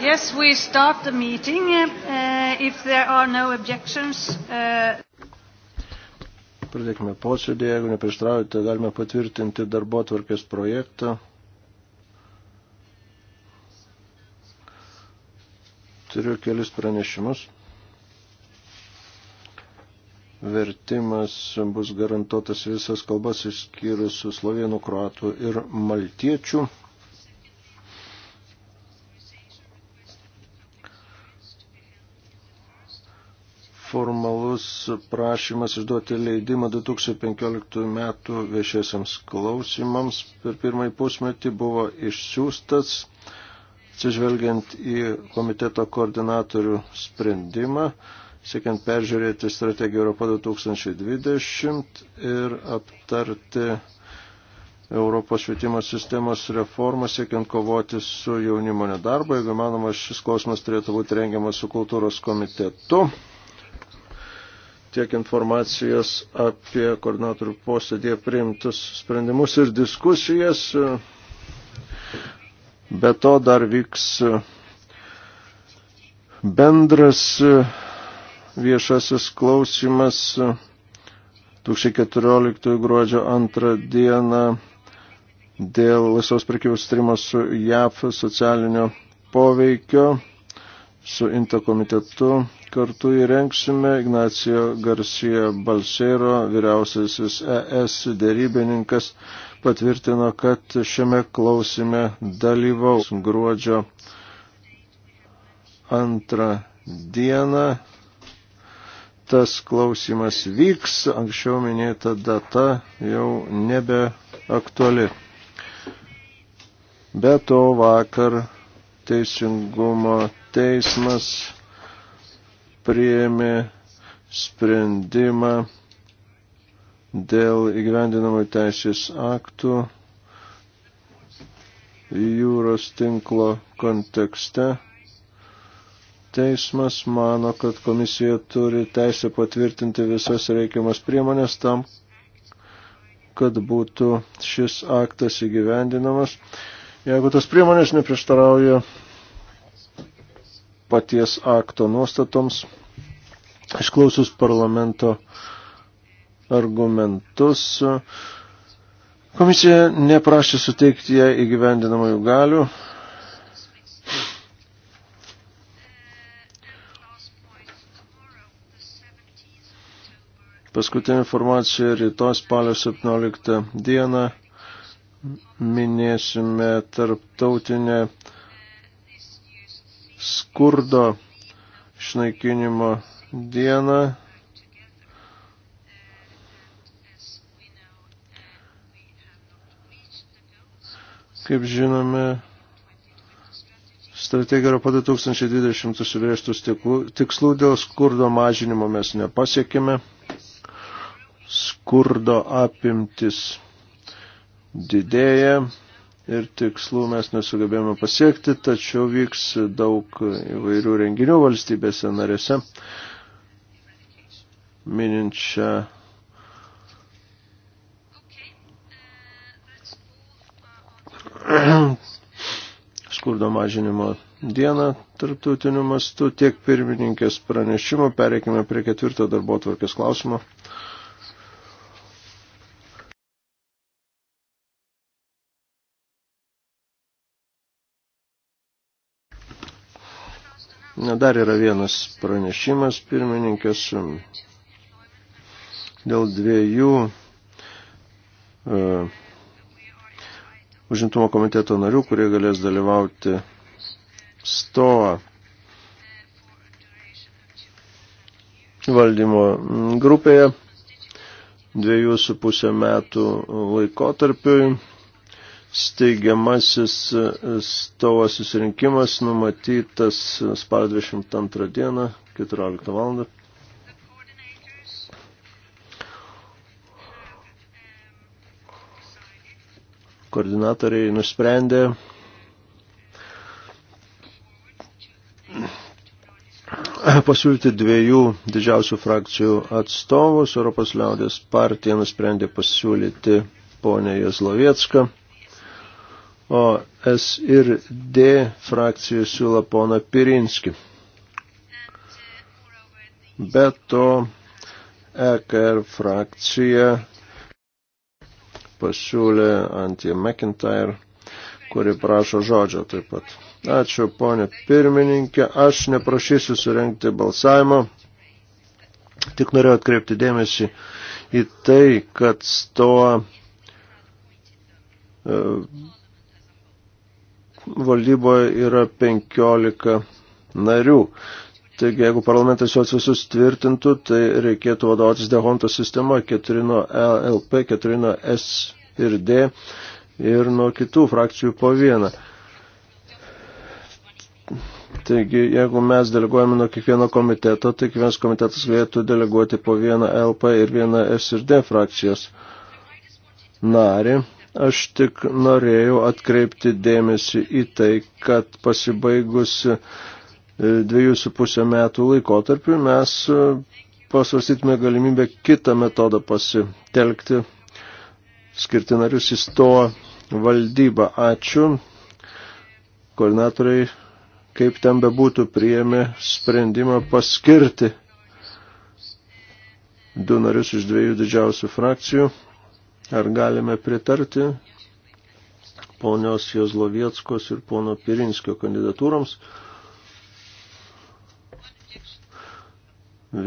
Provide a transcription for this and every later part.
Yes, we start the meeting. Uh, if there are no objections. Uh... Pradėkime posėdį, jeigu neprieštraujate, galime patvirtinti darbo tvarkės projektą. Turiu kelis pranešimus. Vertimas bus garantuotas visas kalbas išskyrus slovėnų, kroatų ir maltiečių. formalus prašymas išduoti leidimą 2015 metų viešiesiams klausimams per pirmąjį pusmetį buvo išsiųstas, atsižvelgiant į komiteto koordinatorių sprendimą, siekiant peržiūrėti strategiją Europą 2020 ir aptarti Europos švietimo sistemos reformą siekiant kovoti su jaunimo nedarbo. Jeigu manoma, šis klausimas turėtų būti rengiamas su kultūros komitetu tiek informacijos apie koordinatorių posėdėje priimtus sprendimus ir diskusijas. Be to dar vyks bendras viešasis klausimas 2014 gruodžio 2 dieną dėl laisvos prekybos strimo su JAF socialinio poveikio su INTA komitetu Kartu įrengsime Ignacio Garcia Balsero, vyriausiasis ES dėrybininkas, patvirtino, kad šiame klausime dalyvaus gruodžio antrą dieną. Tas klausimas vyks, anksčiau minėta data jau nebe aktuali. Be to vakar teisingumo teismas priėmė sprendimą dėl įgyvendinamų teisės aktų jūros tinklo kontekste. Teismas mano, kad komisija turi teisę patvirtinti visas reikiamas priemonės tam, kad būtų šis aktas įgyvendinamas, jeigu tas priemonės neprieštarauja paties akto nuostatoms. Išklausus parlamento argumentus, komisija neprašė suteikti ją įgyvendinamųjų galių. Paskutinė informacija rytoj spalio 17 dieną minėsime tarptautinę skurdo išnaikinimo dieną. Kaip žinome, strategija Europa 2020 užsibrėžtus tikslų dėl skurdo mažinimo mes nepasiekime. Skurdo apimtis didėja ir tikslų mes nesugebėjome pasiekti, tačiau vyks daug įvairių renginių valstybėse narėse, mininčią skurdo mažinimo dieną tarptautiniu mastu tiek pirmininkės pranešimo. Pereikime prie ketvirto darbo tvarkės klausimo. Na, dar yra vienas pranešimas pirmininkas dėl dviejų uh, užimtumo komiteto narių, kurie galės dalyvauti stoa valdymo grupėje dviejų su pusę metų laikotarpiui steigiamasis e, stovo susirinkimas numatytas spalio 22 dieną, 14 val. Koordinatoriai nusprendė pasiūlyti dviejų didžiausių frakcijų atstovus. Europos liaudės partija nusprendė pasiūlyti ponę Jezlovietską o S ir D frakcija siūlo poną Pirinskį. Be to, EKR frakcija pasiūlė Antie McIntyre, kuri prašo žodžio taip pat. Ačiū, ponė pirmininkė. Aš neprašysiu surenkti balsavimo. Tik norėjau atkreipti dėmesį į tai, kad to e, valdyboje yra 15 narių. Taigi, jeigu parlamentas juos visus tvirtintų, tai reikėtų vadovautis Dehonto sistema 4 nuo LP, 4 nuo S ir D ir nuo kitų frakcijų po vieną. Taigi, jeigu mes deleguojame nuo kiekvieno komiteto, tai kiekvienas komitetas galėtų deleguoti po vieną LP ir vieną S ir D frakcijos narį. Aš tik norėjau atkreipti dėmesį į tai, kad pasibaigus e, dviejų su pusę metų laikotarpiu mes e, pasvarstytume galimybę kitą metodą pasitelkti, skirti narius į sto valdybą. Ačiū. Koordinatoriai, kaip ten bebūtų, priėmė sprendimą paskirti du narius iš dviejų didžiausių frakcijų. Ar galime pritarti ponios Jozlovieckos ir pono Pirinskio kandidatūroms?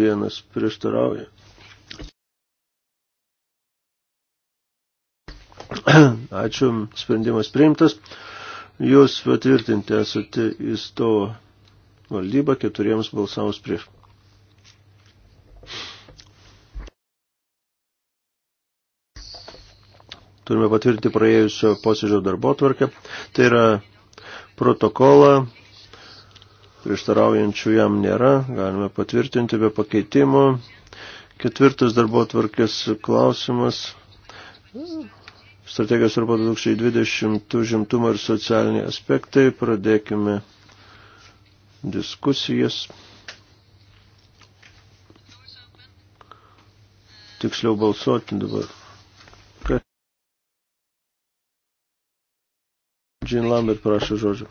Vienas prieštarauja. Ačiū, sprendimas priimtas. Jūs patvirtinti esate įstovo valdybą keturiems balsavus prieš. turime patvirtinti praėjusio posėdžio darbo tvarkę. Tai yra protokolą, prieštaraujančių jam nėra, galime patvirtinti be pakeitimo. Ketvirtas darbo tvarkės klausimas. Strategijos arba 2020 žimtumo ir socialiniai aspektai. Pradėkime diskusijas. Tiksliau balsuoti dabar. Jean Lambert prašo žodžio.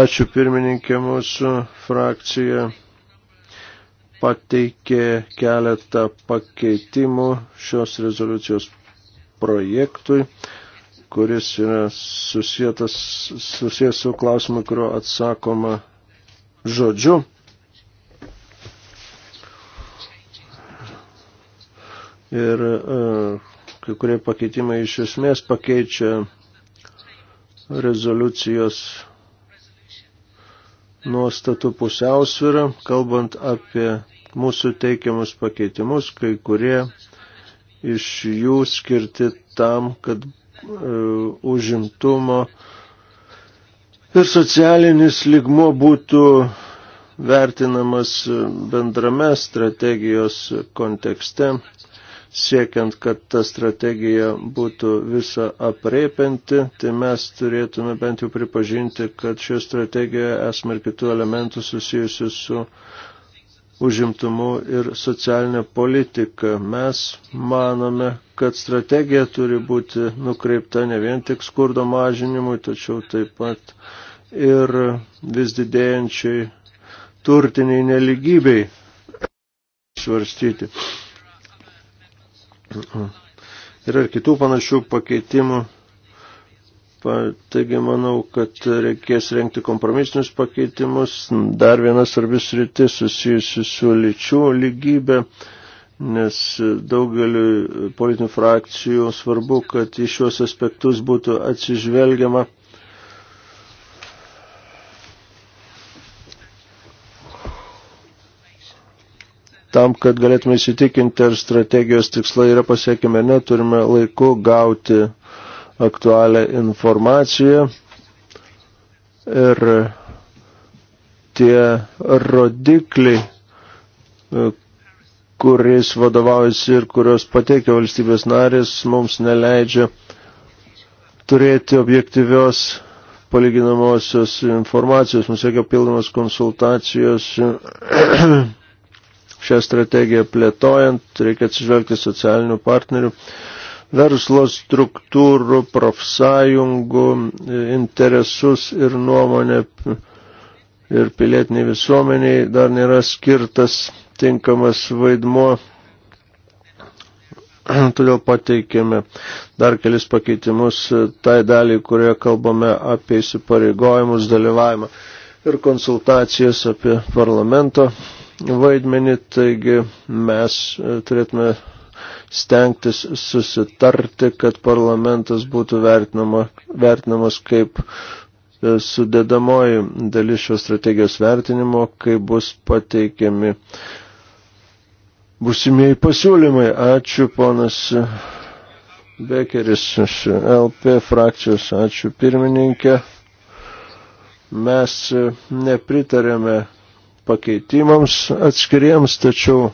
Ačiū pirmininkė mūsų frakcija pateikė keletą pakeitimų šios rezoliucijos projektui, kuris yra susijęs su klausimu, kurio atsakoma žodžiu. Ir e, kai kurie pakeitimai iš esmės pakeičia rezoliucijos nuostatų pusiausvyrą, kalbant apie mūsų teikiamus pakeitimus, kai kurie iš jų skirti tam, kad e, užimtumo ir socialinis ligmo būtų vertinamas e, bendrame strategijos kontekste, siekiant, kad ta strategija būtų visa apreipinti, tai mes turėtume bent jau pripažinti, kad šioje strategijoje esame ir kitų elementų susijusių su užimtumu ir socialinė politika. Mes manome, kad strategija turi būti nukreipta ne vien tik skurdo mažinimui, tačiau taip pat ir vis didėjančiai turtiniai neligybei svarstyti. Mhm. Yra ir kitų panašių pakeitimų. Taigi manau, kad reikės renkti kompromisinius pakeitimus. Dar vienas svarbis rytis susijusi su lyčių lygybė, nes daugeliu politinių frakcijų svarbu, kad į šios aspektus būtų atsižvelgiama tam, kad galėtume įsitikinti, ar strategijos tikslai yra pasiekime, neturime laiku gauti aktualią informaciją ir tie rodikliai, kuris vadovaujasi ir kurios pateikia valstybės narės, mums neleidžia turėti objektyvios palyginamosios informacijos, mums reikia pilnamas konsultacijos šią strategiją plėtojant, reikia atsižvelgti socialinių partnerių, verslo struktūrų, profsąjungų e, interesus ir nuomonę ir pilietiniai visuomeniai dar nėra skirtas tinkamas vaidmuo. Todėl pateikėme dar kelis pakeitimus tai daliai, kurioje kalbame apie įsipareigojimus, dalyvavimą ir konsultacijas apie parlamento vaidmenį, taigi mes e, turėtume stengtis susitarti, kad parlamentas būtų vertinama, vertinamas kaip e, sudėdamoji dalis šios strategijos vertinimo, kai bus pateikiami busimieji pasiūlymai. Ačiū, ponas Bekeris iš LP frakcijos, ačiū pirmininkė. Mes e, nepritarėme pakeitimams atskiriems, tačiau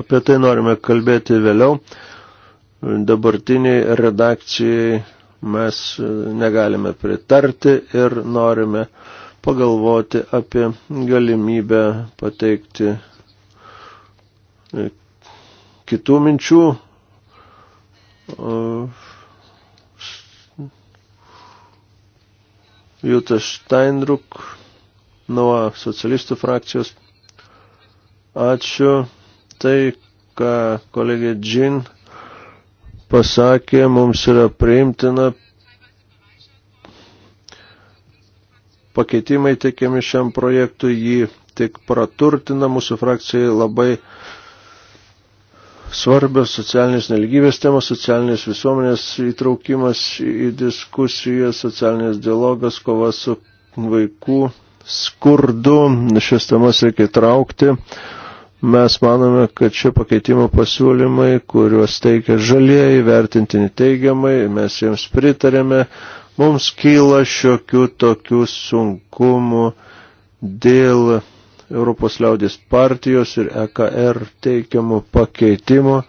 apie tai norime kalbėti vėliau. Dabartiniai redakcijai mes negalime pritarti ir norime pagalvoti apie galimybę pateikti kitų minčių Jūta Steinruk nuo socialistų frakcijos. Ačiū. Tai, ką kolegė Džin pasakė, mums yra priimtina pakeitimai teikiami šiam projektui, jį tik praturtina, mūsų frakcijai labai svarbios socialinės neligybės temos, socialinės visuomenės įtraukimas į diskusiją, socialinės dialogas, kova su vaikų skurdu. Šias temas reikia traukti. Mes manome, kad šie pakeitimo pasiūlymai, kuriuos teikia žalieji, vertintini teigiamai, mes jiems pritarėme, mums kyla šiokių tokių sunkumų dėl Europos liaudės partijos ir EKR teikiamų pakeitimų,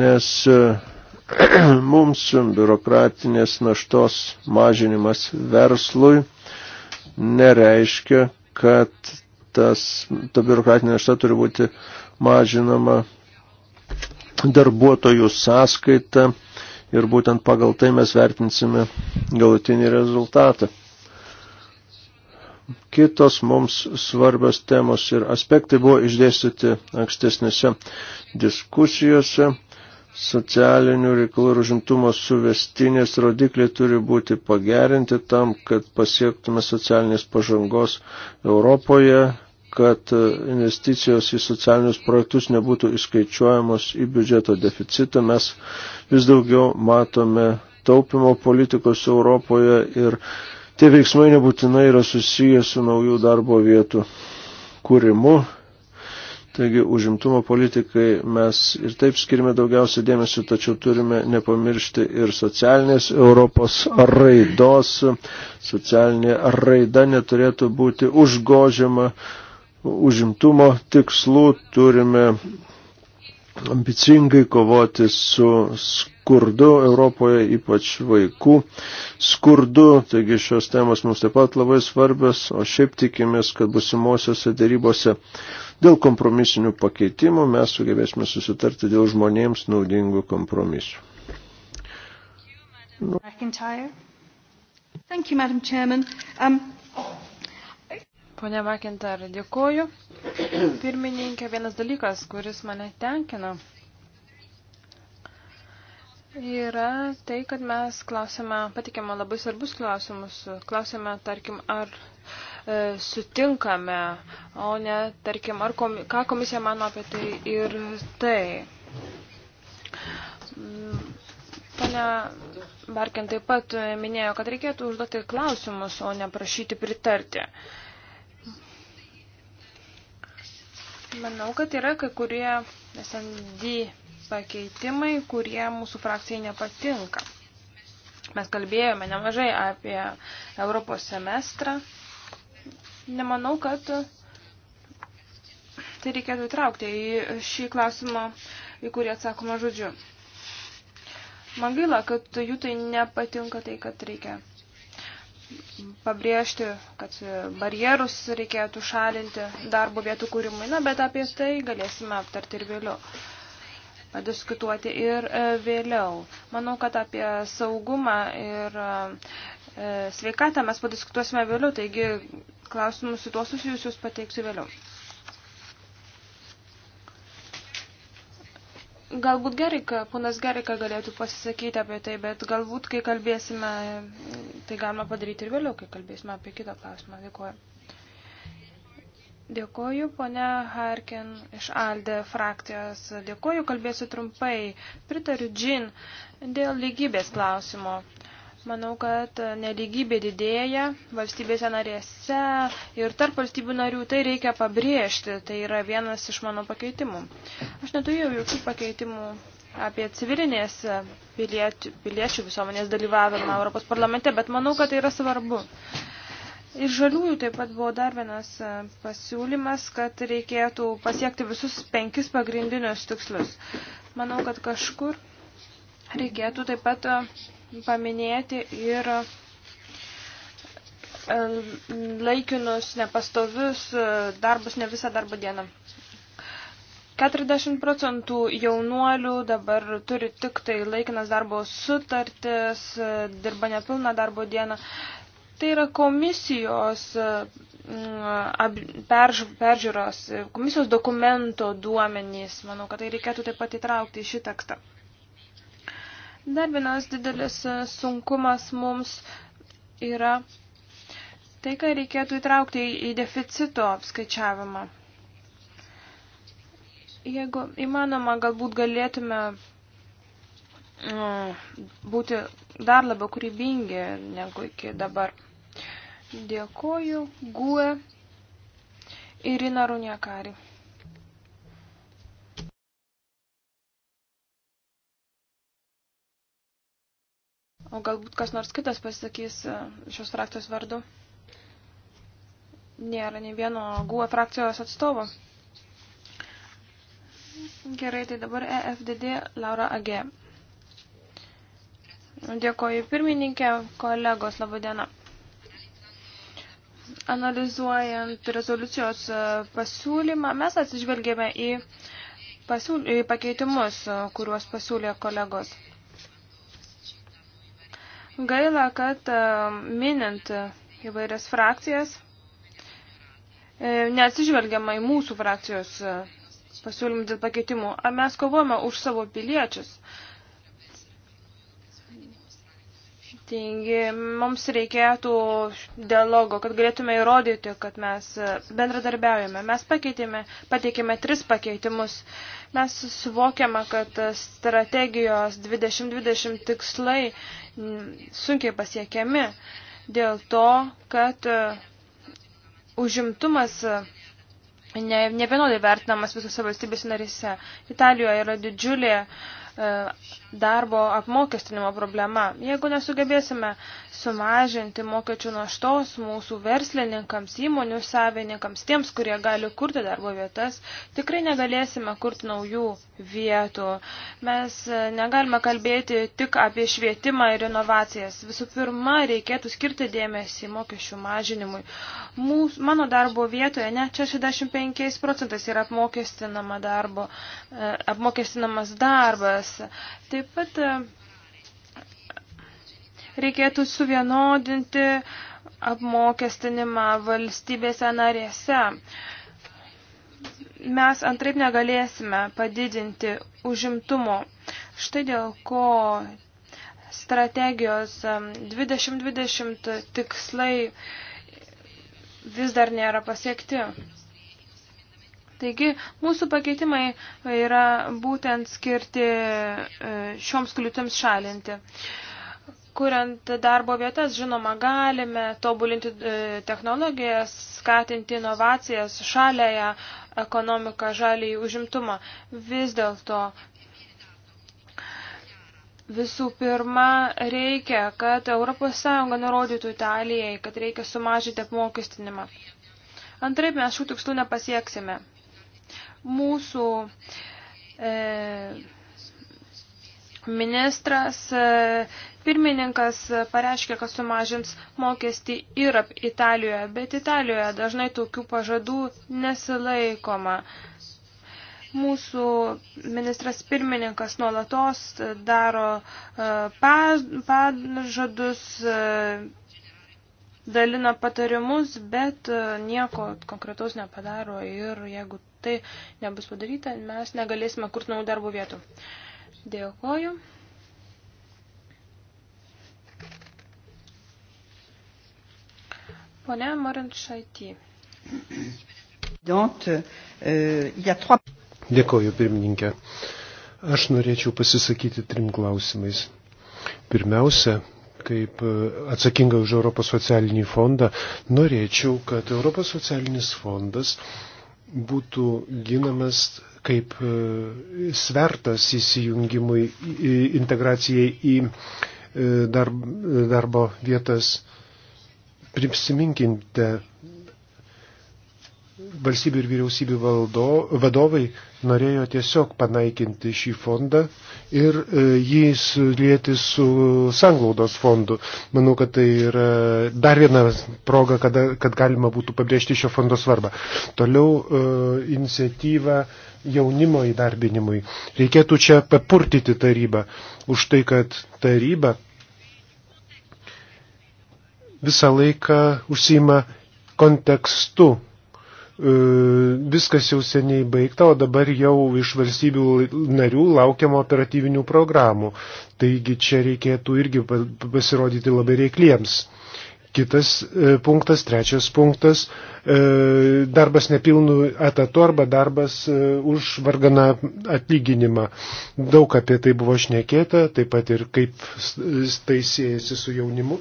nes mums biurokratinės naštos mažinimas verslui nereiškia, kad tas, ta biurokratinė našta turi būti mažinama darbuotojų sąskaita ir būtent pagal tai mes vertinsime galutinį rezultatą kitos mums svarbios temos ir aspektai buvo išdėstyti ankstesnėse diskusijose. Socialinių reikalų ir užimtumo suvestinės rodikliai turi būti pagerinti tam, kad pasiektume socialinės pažangos Europoje, kad investicijos į socialinius projektus nebūtų įskaičiuojamos į biudžeto deficitą. Mes vis daugiau matome taupimo politikos Europoje ir Tie veiksmai nebūtinai yra susiję su naujų darbo vietų kūrimu. Taigi užimtumo politikai mes ir taip skirime daugiausia dėmesio, tačiau turime nepamiršti ir socialinės Europos raidos. Socialinė raida neturėtų būti užgožiama užimtumo tikslų, turime ambicingai kovoti su skurdu Europoje, ypač vaikų skurdu. Taigi šios temos mums taip pat labai svarbios, o šiaip tikimės, kad busimuosiuose darybose dėl kompromisinių pakeitimų mes sugebėsime susitarti dėl žmonėms naudingų kompromisų. Nu. Thank you, Madam Chairman. Um, Pone Makintar, dėkoju. Pirmininkė, vienas dalykas, kuris mane tenkina, yra tai, kad mes klausime, patikėme labai svarbus klausimus. Klausime, tarkim, ar e, sutinkame, o ne, tarkim, ar komi ką komisija mano apie tai ir tai. Mm, Pane Barkin taip pat minėjo, kad reikėtų užduoti klausimus, o ne prašyti pritarti. Manau, kad yra kai kurie SND pakeitimai, kurie mūsų frakcijai nepatinka. Mes kalbėjome nemažai apie Europos semestrą. Nemanau, kad tai reikėtų įtraukti į šį klausimą, į kurį atsakoma žodžiu. Man gaila, kad jų tai nepatinka tai, kad reikia pabrėžti, kad barjerus reikėtų šalinti darbo vietų kūrimui, na, bet apie tai galėsime aptarti ir vėliau diskutuoti ir e, vėliau. Manau, kad apie saugumą ir e, sveikatą mes padiskutuosime vėliau, taigi klausimus su tuo susijusius pateiksiu vėliau. Galbūt Gerika, ponas Gerika galėtų pasisakyti apie tai, bet galbūt, kai kalbėsime, tai galima padaryti ir vėliau, kai kalbėsime apie kitą klausimą. Dėkuoju. Dėkoju, ponia Harkin iš Alde frakcijos. Dėkoju, kalbėsiu trumpai. Pritariu Džin dėl lygybės klausimo. Manau, kad neligybė didėja valstybėse narėse ir tarp valstybių narių tai reikia pabrėžti. Tai yra vienas iš mano pakeitimų. Aš neturėjau jokių pakeitimų apie civilinės piliečių, piliečių visuomenės dalyvavimą Europos parlamente, bet manau, kad tai yra svarbu. Iš žaliųjų taip pat buvo dar vienas e, pasiūlymas, kad reikėtų pasiekti visus penkis pagrindinius tikslus. Manau, kad kažkur reikėtų taip pat e, paminėti ir e, laikinus, nepastovius darbus ne visą darbo dieną. 40 procentų jaunuolių dabar turi tik tai laikinas darbo sutartis, dirba nepilną darbo dieną tai yra komisijos e, peržiūros, e, komisijos dokumento duomenys. Manau, kad tai reikėtų taip pat įtraukti į šį tekstą. Dar vienas didelis e, sunkumas mums yra tai, ką reikėtų įtraukti į deficito apskaičiavimą. Jeigu įmanoma, galbūt galėtume būti dar labiau kūrybingi negu iki dabar. Dėkoju. Gue. Irina Runiakari. O galbūt kas nors kitas pasisakys e, šios frakcijos vardu. Nėra nei vieno GUE frakcijos atstovo. Gerai, tai dabar EFDD Laura Age. Dėkoju pirmininkė, kolegos, laba diena analizuojant rezoliucijos e, pasiūlymą, mes atsižvelgėme į, pasiūl... į pakeitimus, e, kuriuos pasiūlė kolegos. Gaila, kad e, minint įvairias frakcijas, neatsižvelgiama į mūsų frakcijos pasiūlymų dėl pakeitimų. Ar mes kovojame už savo piliečius? skirtingi, mums reikėtų dialogo, kad galėtume įrodyti, kad mes bendradarbiaujame. Mes pakeitėme, pateikėme tris pakeitimus. Mes suvokiame, kad strategijos 2020 tikslai sunkiai pasiekiami dėl to, kad užimtumas ne, ne vienodai vertinamas visose valstybės narise. Italijoje yra didžiulė uh, E, darbo apmokestinimo problema. Jeigu nesugebėsime sumažinti mokesčių naštos mūsų verslininkams, įmonių savininkams, tiems, kurie gali kurti darbo vietas, tikrai negalėsime kurti naujų vietų. Mes e, negalime kalbėti tik apie švietimą ir inovacijas. Visų pirma, reikėtų skirti dėmesį mokesčių mažinimui. Mūs, mano darbo vietoje net 65 procentais yra apmokestinama darbo, e, apmokestinamas darbas tvarkas. Taip pat e, reikėtų suvienodinti apmokestinimą valstybėse narėse. Mes antraip negalėsime padidinti užimtumo. Štai dėl ko strategijos 2020 e, tikslai vis dar nėra pasiekti. Taigi, mūsų pakeitimai yra būtent skirti e, šioms kliūtims šalinti. Kuriant darbo vietas, žinoma, galime tobulinti e, technologijas, skatinti inovacijas, šalėją ekonomiką, žalį užimtumą. Vis dėlto Visų pirma, reikia, kad ES nurodytų Italijai, kad reikia sumažinti apmokestinimą. Antraip mes šių tikslų nepasieksime. Mūsų e, ministras e, pirmininkas pareiškė, kad sumažins mokestį ir Italijoje, bet Italijoje dažnai tokių pažadų nesilaikoma. Mūsų ministras pirmininkas nuolatos daro e, pažadus, e, dalina patarimus, bet nieko konkretaus nepadaro ir jeigu tai nebus padaryta, mes negalėsime kurti naujų darbo vietų. Dėkoju. Pone Morinčaitį. Euh, Dėkoju, pirmininkė. Aš norėčiau pasisakyti trim klausimais. Pirmiausia, kaip e, atsakinga už Europos socialinį fondą, norėčiau, kad Europos socialinis fondas būtų ginamas kaip e, svertas įsijungimui, integracijai į e, darbo vietas. Prisiminkinte valstybių ir vyriausybių valdo, vadovai norėjo tiesiog panaikinti šį fondą ir e, jį sulėti su sanglaudos fondu. Manau, kad tai yra dar viena proga, kada, kad galima būtų pabrėžti šio fondo svarbą. Toliau e, iniciatyva jaunimo įdarbinimui. Reikėtų čia papurtyti tarybą už tai, kad taryba visą laiką užsima kontekstu E, viskas jau seniai baigta, o dabar jau iš valstybių narių laukiama operatyvinių programų. Taigi čia reikėtų irgi pasirodyti labai reikliems. Kitas e, punktas, trečias punktas e, - darbas nepilnų etatų arba darbas e, už varganą atlyginimą. Daug apie tai buvo šnekėta, taip pat ir kaip tai siejasi su jaunimu.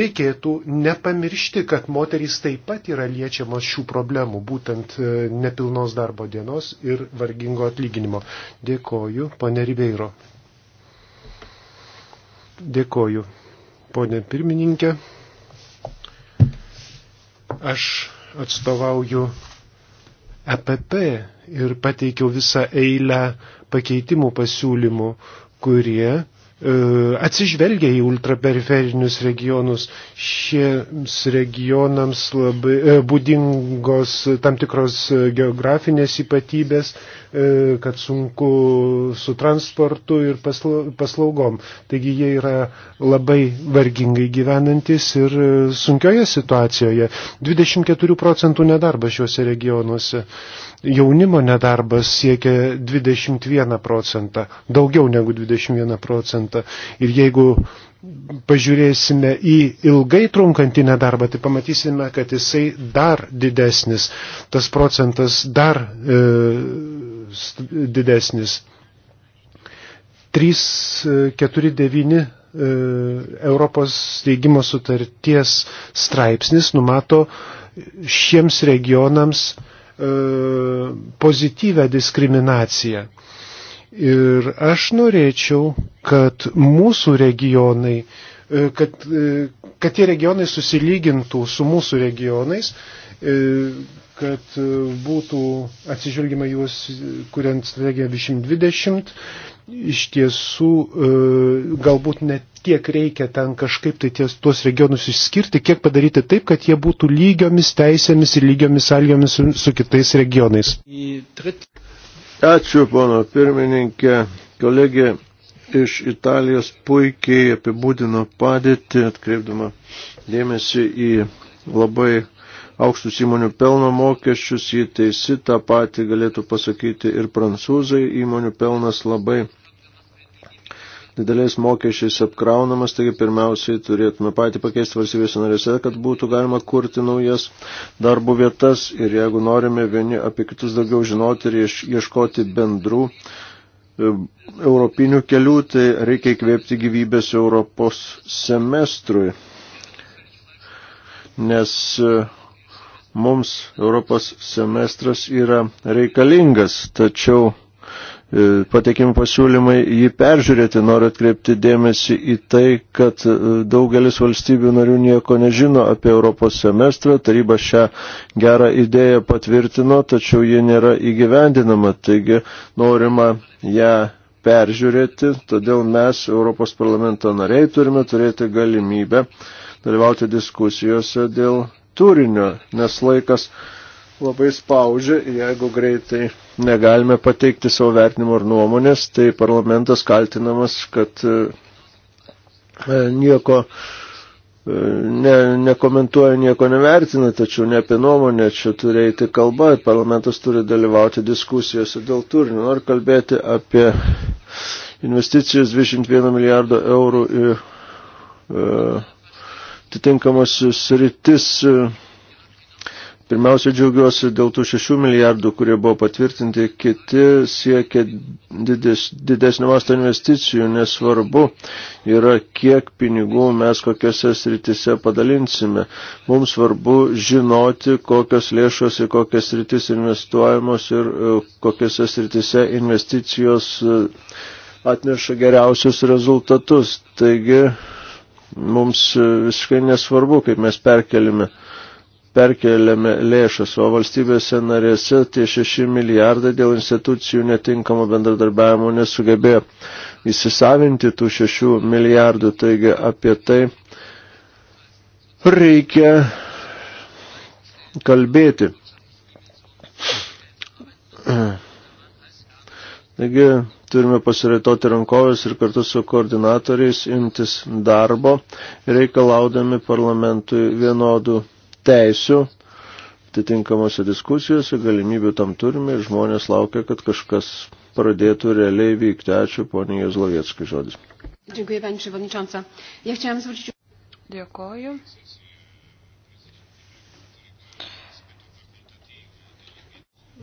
Reikėtų nepamiršti, kad moterys taip pat yra liečiamas šių problemų, būtent e, nepilnos darbo dienos ir vargingo atlyginimo. Dėkoju, ponė Ribeiro. Dėkoju, ponė pirmininkė. Aš atstovauju EPP ir pateikiau visą eilę pakeitimų pasiūlymų, kurie e, atsižvelgia į ultraperiferinius regionus. Šiems regionams labai e, būdingos tam tikros e, geografinės ypatybės, E, kad sunku su transportu ir paslaugom. Taigi jie yra labai vargingai gyvenantis ir e, sunkioje situacijoje. 24 procentų nedarbas šiuose regionuose. Jaunimo nedarbas siekia 21 procentą, daugiau negu 21 procentą. Ir jeigu pažiūrėsime į ilgai trunkantį nedarbą, tai pamatysime, kad jisai dar didesnis. Tas procentas dar e, didesnis. 349 e, e, Europos steigimo sutarties straipsnis numato šiems regionams e, pozityvę diskriminaciją. Ir aš norėčiau, kad mūsų regionai, kad, kad tie regionai susilygintų su mūsų regionais, kad e, būtų atsižvelgiama juos, kuriant strategiją 2020, iš tiesų e, galbūt net tiek reikia ten kažkaip tai ties, tuos regionus išskirti, kiek padaryti taip, kad jie būtų lygiomis teisėmis ir lygiomis sąlygomis su, su kitais regionais. Ačiū, pono pirmininkė. Kolegė iš Italijos puikiai apibūdino padėtį, atkreipdama dėmesį į labai aukštus įmonių pelno mokesčius, jį teisi, tą patį galėtų pasakyti ir prancūzai, įmonių pelnas labai dideliais mokesčiais apkraunamas, taigi pirmiausiai turėtume patį pakeisti valstybės narėse, kad būtų galima kurti naujas darbo vietas ir jeigu norime vieni apie kitus daugiau žinoti ir ieškoti bendrų e, europinių kelių, tai reikia įkvėpti gyvybės Europos semestrui, nes e, mums Europos semestras yra reikalingas, tačiau e, pateikimi pasiūlymai jį peržiūrėti, noriu atkreipti dėmesį į tai, kad e, daugelis valstybių narių nieko nežino apie Europos semestrą, taryba šią gerą idėją patvirtino, tačiau ji nėra įgyvendinama, taigi norima ją peržiūrėti, todėl mes, Europos parlamento nariai, turime turėti galimybę dalyvauti diskusijose dėl turinio, nes laikas labai spaudžia, jeigu greitai negalime pateikti savo vertinimo ir nuomonės, tai parlamentas kaltinamas, kad e, e, nieko e, ne, nekomentuoja, nieko nevertina, tačiau ne apie nuomonę čia turi eiti kalba, parlamentas turi dalyvauti diskusijose dėl turinio. Noriu kalbėti apie investicijas 21 milijardo eurų į e, atitinkamas sritis. Pirmiausia, džiaugiuosi dėl tų 6 milijardų, kurie buvo patvirtinti, kiti siekia dides, didesnio masto investicijų, nesvarbu yra, kiek pinigų mes kokiose sritise padalinsime. Mums svarbu žinoti, kokios lėšos į kokias sritis investuojamos ir e, kokiose sritise investicijos e, atneša geriausius rezultatus. Taigi, Mums e, visiškai nesvarbu, kaip mes perkelime, perkeliame lėšas, o valstybėse narėse tie 6 milijardai dėl institucijų netinkamo bendradarbiavimo nesugebėjo įsisavinti tų 6 milijardų. Taigi apie tai reikia kalbėti. Taigi turime pasireitoti rankovės ir kartu su koordinatoriais imtis darbo, reikalaudami parlamentui vienodų teisių, atitinkamose diskusijose, galimybių tam turime ir žmonės laukia, kad kažkas pradėtų realiai vykti. Ačiū, ponė Jezlovieckai, žodis. Dziękuję, pani przewodnicząca. Ja chciałam zwrócić... Dziękuję.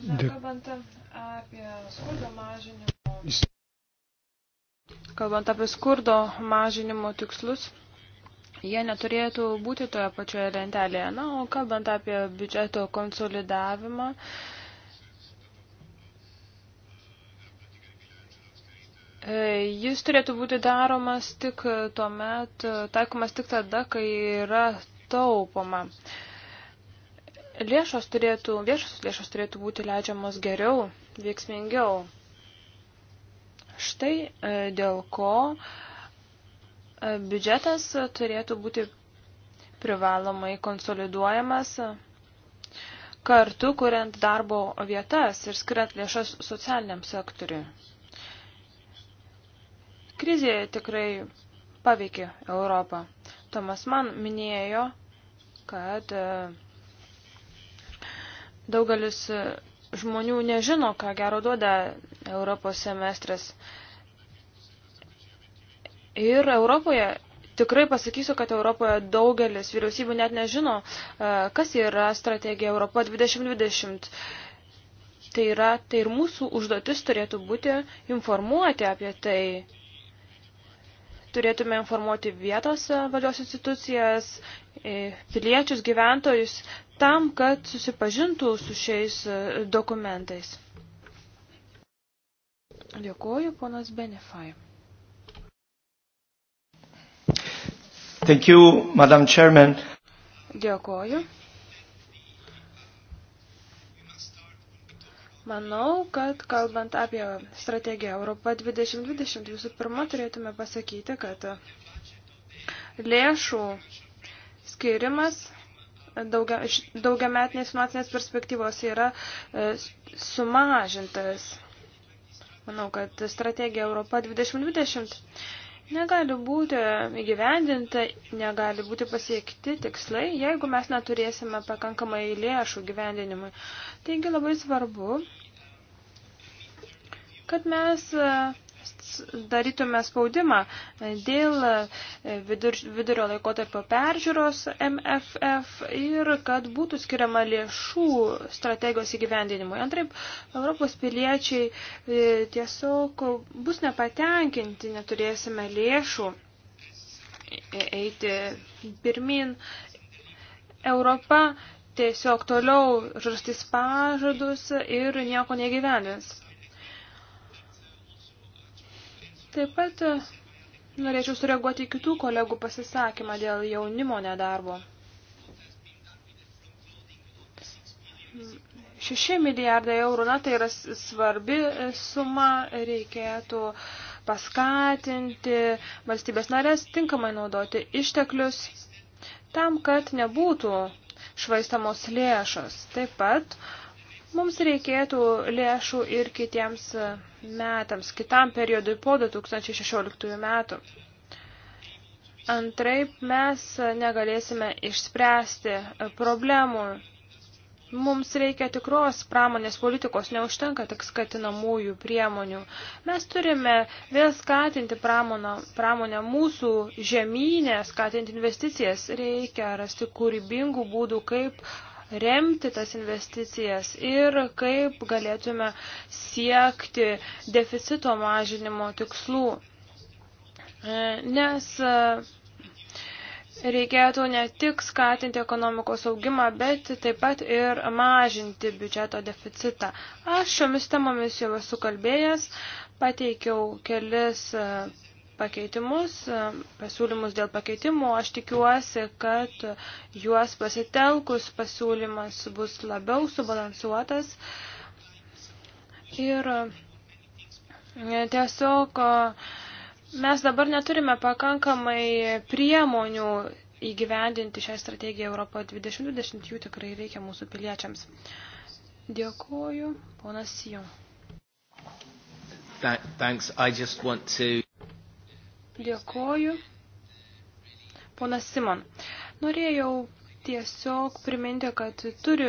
Na, kalbant apie skurdo mažinimą. Kalbant apie skurdo mažinimo tikslus, jie neturėtų būti toje pačioje lentelėje. Na, o kalbant apie biudžeto konsolidavimą, e, Jis turėtų būti daromas tik tuomet, e, taikomas tik tada, kai yra taupoma. Lėšos turėtų, viešos lėšos turėtų būti leidžiamos geriau, veiksmingiau. Štai e, dėl ko e, biudžetas turėtų būti privalomai konsoliduojamas kartu kuriant darbo vietas ir skiriant lėšas socialiniam sektoriui. Krizė tikrai paveikė Europą. Tomas man minėjo, kad e, daugelis žmonių nežino, ką gero duoda Europos semestras. Ir Europoje, tikrai pasakysiu, kad Europoje daugelis vyriausybių net nežino, e, kas yra strategija Europa 2020. Tai yra, tai ir mūsų užduotis turėtų būti informuoti apie tai. Turėtume informuoti vietos valdžios institucijas, e, piliečius, gyventojus, tam, kad susipažintų su šiais e, dokumentais. Dėkuoju, ponas Benefai. Thank you, Madam Chairman. Dėkuoju. Manau, kad kalbant apie strategiją Europą 2020, visų pirma turėtume pasakyti, kad lėšų skirimas daugia, daugiametinės finansinės perspektyvos yra e, sumažintas Manau, kad strategija Europa 2020 negali būti įgyvendinta, negali būti pasiekti tikslai, jeigu mes neturėsime pakankamai lėšų gyvendinimui. Taigi labai svarbu, kad mes darytume spaudimą dėl vidur, vidurio laikotarpio peržiūros MFF ir kad būtų skiriama lėšų strategijos įgyvendinimui. Antraip, Europos piliečiai e, tiesiog bus nepatenkinti, neturėsime lėšų e, e, eiti pirmin. Europa tiesiog toliau žarstys pažadus ir nieko negyvendins. Taip pat e, norėčiau sureaguoti į kitų kolegų pasisakymą dėl jaunimo nedarbo. 6 milijardai eurų, na tai yra svarbi e, suma, reikėtų paskatinti valstybės narės tinkamai naudoti išteklius tam, kad nebūtų švaistamos lėšos. Taip pat uh, Mums reikėtų lėšų ir kitiems e, metams, kitam periodui po 2016 metų. Antraip mes e, negalėsime išspręsti e, problemų. Mums reikia tikros pramonės politikos, neužtenka tik skatinamųjų priemonių. Mes turime vėl skatinti pramoną, pramonę mūsų žemynę, skatinti investicijas. Reikia rasti kūrybingų būdų, kaip uh, remti tas investicijas ir kaip galėtume siekti deficito mažinimo tikslų. E, nes e, reikėtų ne tik skatinti ekonomikos augimą, bet taip pat ir mažinti biudžeto deficitą. Aš šiomis temomis jau esu kalbėjęs, pateikiau kelis e, pakeitimus, pasiūlymus dėl pakeitimų. Aš tikiuosi, kad juos pasitelkus pasiūlymas bus labiau subalansuotas. Ir e, tiesiog e, mes dabar neturime pakankamai priemonių įgyvendinti šią strategiją Europo 2020, jų tikrai reikia mūsų piliečiams. Dėkuoju, ponas Sijau. Thanks. I just want to Dėkoju. Ponas Simon, norėjau tiesiog priminti, kad turi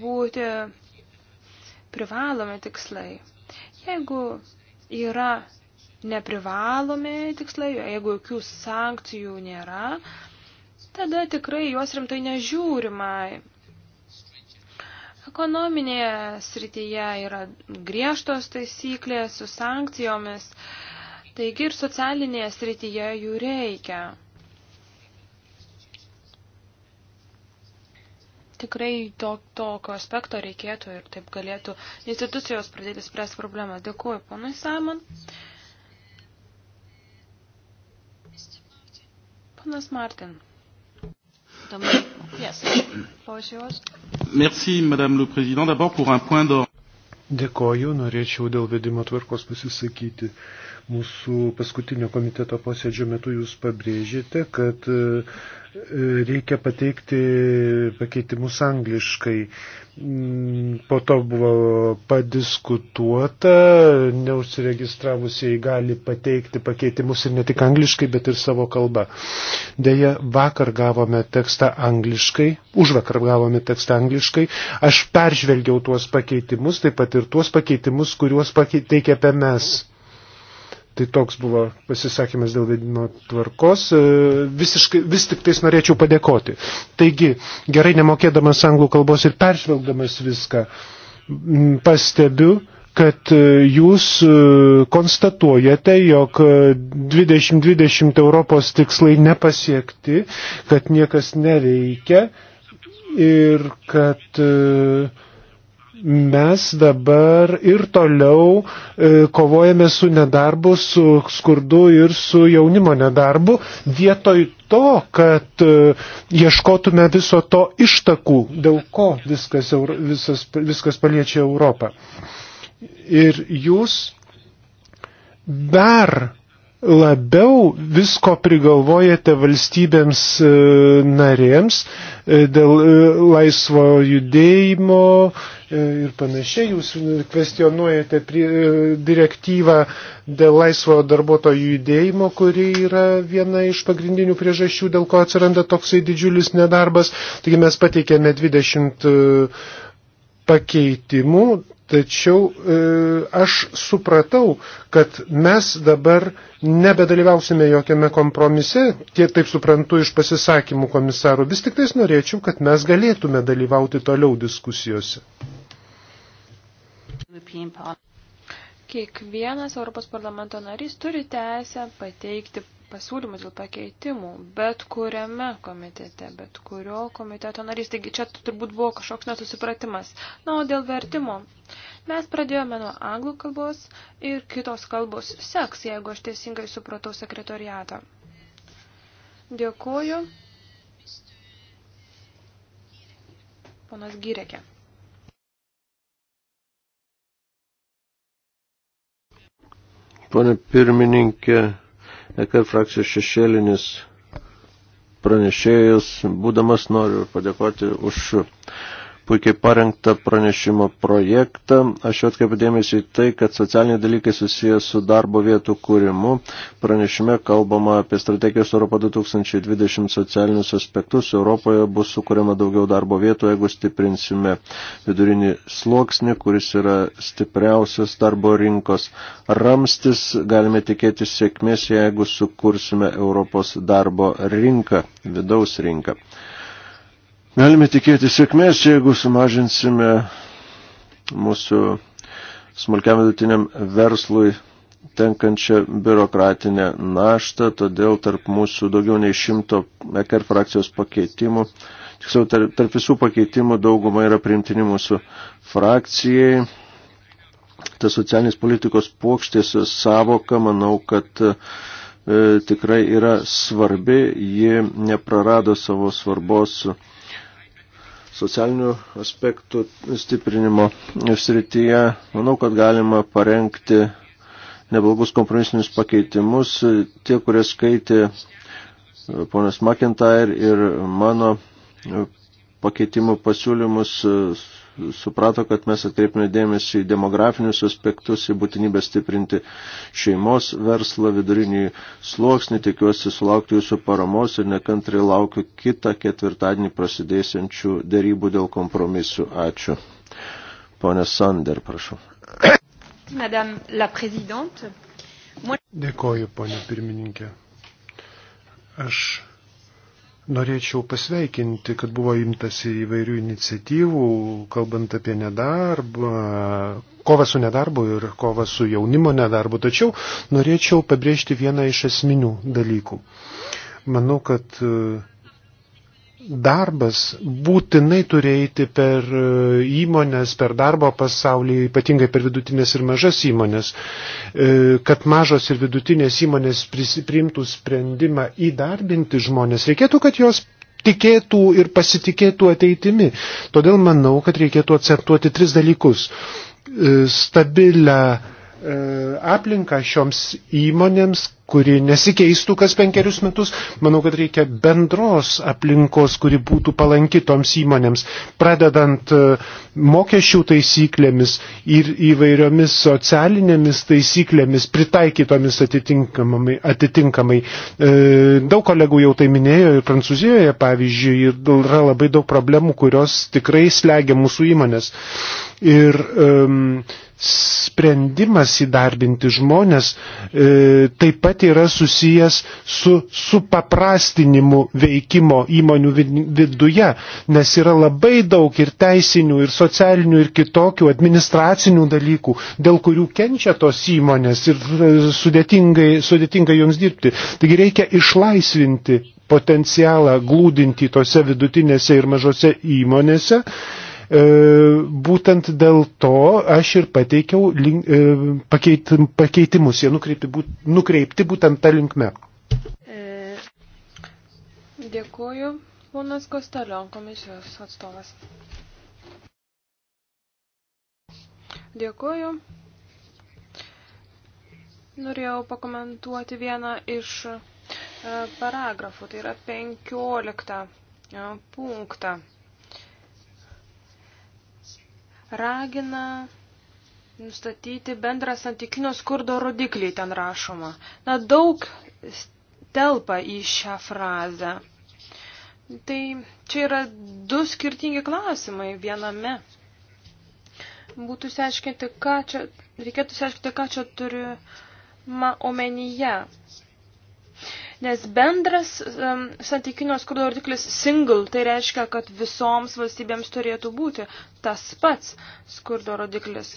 būti privalomi tikslai. Jeigu yra neprivalomi tikslai, jeigu jokių sankcijų nėra, tada tikrai juos rimtai nežiūrima. Ekonominėje srityje yra griežtos taisyklės su sankcijomis. Uh, Taigi ir socialinėje srityje jų reikia. Tikrai to, tokio aspekto reikėtų ir taip galėtų institucijos pradėti spręs problemą. Dėkuoju, ponui Samon. Ponas Martin. Merci, Madame le Président. D'abord, pour un point d'ordre. Dėkoju, norėčiau dėl vedimo tvarkos pasisakyti. Uh, Mūsų paskutinio komiteto posėdžio metu jūs pabrėžėte, kad e, reikia pateikti pakeitimus angliškai. Mm, po to buvo padiskutuota, neužsiregistravusiai gali pateikti pakeitimus ir ne tik angliškai, bet ir savo kalbą. Deja, vakar gavome tekstą angliškai, už vakar gavome tekstą angliškai. Aš peržvelgiau tuos pakeitimus, taip pat ir tuos pakeitimus, kuriuos pateikėme mes. Tai toks buvo pasisakymas dėl vedimo tvarkos. E, visiškai, vis tik tais norėčiau padėkoti. Taigi, gerai nemokėdamas anglų kalbos ir peržvelgdamas viską, pastebiu, kad e, jūs e, konstatuojate, jog 2020 Europos tikslai nepasiekti, kad niekas neveikia ir kad uh, mes dabar ir toliau e, kovojame su nedarbu, su skurdu ir su jaunimo nedarbu, vietoj to, kad e, ieškotume viso to ištakų, dėl ko viskas, visas, viskas paliečia Europą. Ir jūs dar labiau visko prigalvojate valstybėms e, narėms, E, dėl e, laisvo judėjimo e, ir panašiai. Jūs kvestionuojate direktyvą dėl laisvo darbuotojų judėjimo, kuri yra viena iš pagrindinių priežasčių, dėl ko atsiranda toksai didžiulis nedarbas. Taigi mes pateikėme 20 pakeitimų, Tačiau e, aš supratau, kad mes dabar nebedalyvausime jokiame kompromise, tie taip suprantu iš pasisakymų komisarų. Vis tik tais norėčiau, kad mes galėtume dalyvauti toliau diskusijose. Kiekvienas Europos parlamento narys turi teisę pateikti pasiūlymus, dėl pakeitimų, bet kuriame komitete, bet kurio komiteto narys. Taigi čia turbūt buvo kažkoks nesusipratimas. Na, o dėl vertimo. Mes pradėjome nuo anglų kalbos ir kitos kalbos seks, jeigu aš teisingai supratau sekretoriatą. Dėkuoju. Ponas Gyrekė. Pane pirmininkė, EKR frakcijos šešėlinis pranešėjas, būdamas noriu padėkoti už puikiai parengtą pranešimo projektą. Aš jau atkreipiu dėmesį į tai, kad socialiniai dalykai susijęs su darbo vietų kūrimu. Pranešime kalbama apie strategijos Europo 2020 socialinius aspektus. Europoje bus sukūriama daugiau darbo vietų, jeigu stiprinsime vidurinį sluoksnį, kuris yra stipriausias darbo rinkos ramstis. Galime tikėtis sėkmės, jeigu sukursime Europos darbo rinką, vidaus rinką. Galime tikėti sėkmės, jeigu sumažinsime mūsų smulkiam vidutiniam verslui tenkančią biurokratinę naštą, todėl tarp mūsų daugiau nei šimto EKR frakcijos pakeitimų, tiksliau tarp, tarp visų pakeitimų dauguma yra priimtini mūsų frakcijai. Tas socialinės politikos pokštės savoka, manau, kad e, tikrai yra svarbi, ji neprarado savo svarbos. E, socialinių aspektų stiprinimo srityje. Manau, kad galima parengti neblogus kompromisinius pakeitimus. Tie, kurie skaitė ponas McIntyre ir mano pakeitimų pasiūlymus, suprato, kad mes atkreipime dėmesį į demografinius aspektus, į būtinybę stiprinti šeimos verslą, vidurinį sluoksnį, tikiuosi sulaukti jūsų paramos ir nekantrai laukiu kitą ketvirtadienį prasidėsiančių dėrybų dėl kompromisų. Ačiū. Pone Sander, prašau. Madame la Présidente. Dėkoju, ponė pirmininkė. Aš Norėčiau pasveikinti, kad buvo imtasi įvairių iniciatyvų, kalbant apie nedarbą, kovą su nedarbu ir kovą su jaunimo nedarbu, tačiau norėčiau pabrėžti vieną iš esminių dalykų. Manau, kad uh, darbas būtinai turi eiti per e, įmonės, per darbo pasaulį, ypatingai per vidutinės ir mažas įmonės, e, kad mažos ir vidutinės įmonės priimtų sprendimą įdarbinti žmonės. Reikėtų, kad jos tikėtų ir pasitikėtų ateitimi. Todėl manau, kad reikėtų akcentuoti tris dalykus. E, Stabilę E, aplinką šioms įmonėms, kuri nesikeistų kas penkerius metus. Manau, kad reikia bendros aplinkos, kuri būtų palanki toms įmonėms, pradedant e, mokesčių taisyklėmis ir įvairiomis socialinėmis taisyklėmis, pritaikytomis atitinkamai. atitinkamai. E, daug kolegų jau tai minėjo ir Prancūzijoje, pavyzdžiui, yra labai daug problemų, kurios tikrai slegia mūsų įmonės ir um, sprendimas įdarbinti žmonės e, taip pat yra susijęs su supaprastinimu veikimo įmonių viduje, nes yra labai daug ir teisinių, ir socialinių, ir kitokių administracinių dalykų, dėl kurių kenčia tos įmonės ir e, sudėtingai, sudėtingai joms dirbti. Taigi reikia išlaisvinti potencialą glūdinti tose vidutinėse ir mažose įmonėse E, būtent dėl to aš ir pateikiau link, e, pakeitimus, jie nukreipti, nukreipti būtent tą linkmę. E, dėkuoju, ponas Kostelion, komisijos atstovas. Dėkuoju. Norėjau pakomentuoti vieną iš paragrafų, tai yra 15 punktą ragina nustatyti bendrą santykinio skurdo rodiklį ten rašoma. Na, daug telpa į šią frazę. Tai čia yra du skirtingi klausimai viename. Būtų seiškinti, ką čia, reikėtų seiškinti, ką čia turiu omenyje nes bendras um, santykinio skurdo rodiklis single, tai reiškia, kad visoms valstybėms turėtų būti tas pats skurdo rodiklis.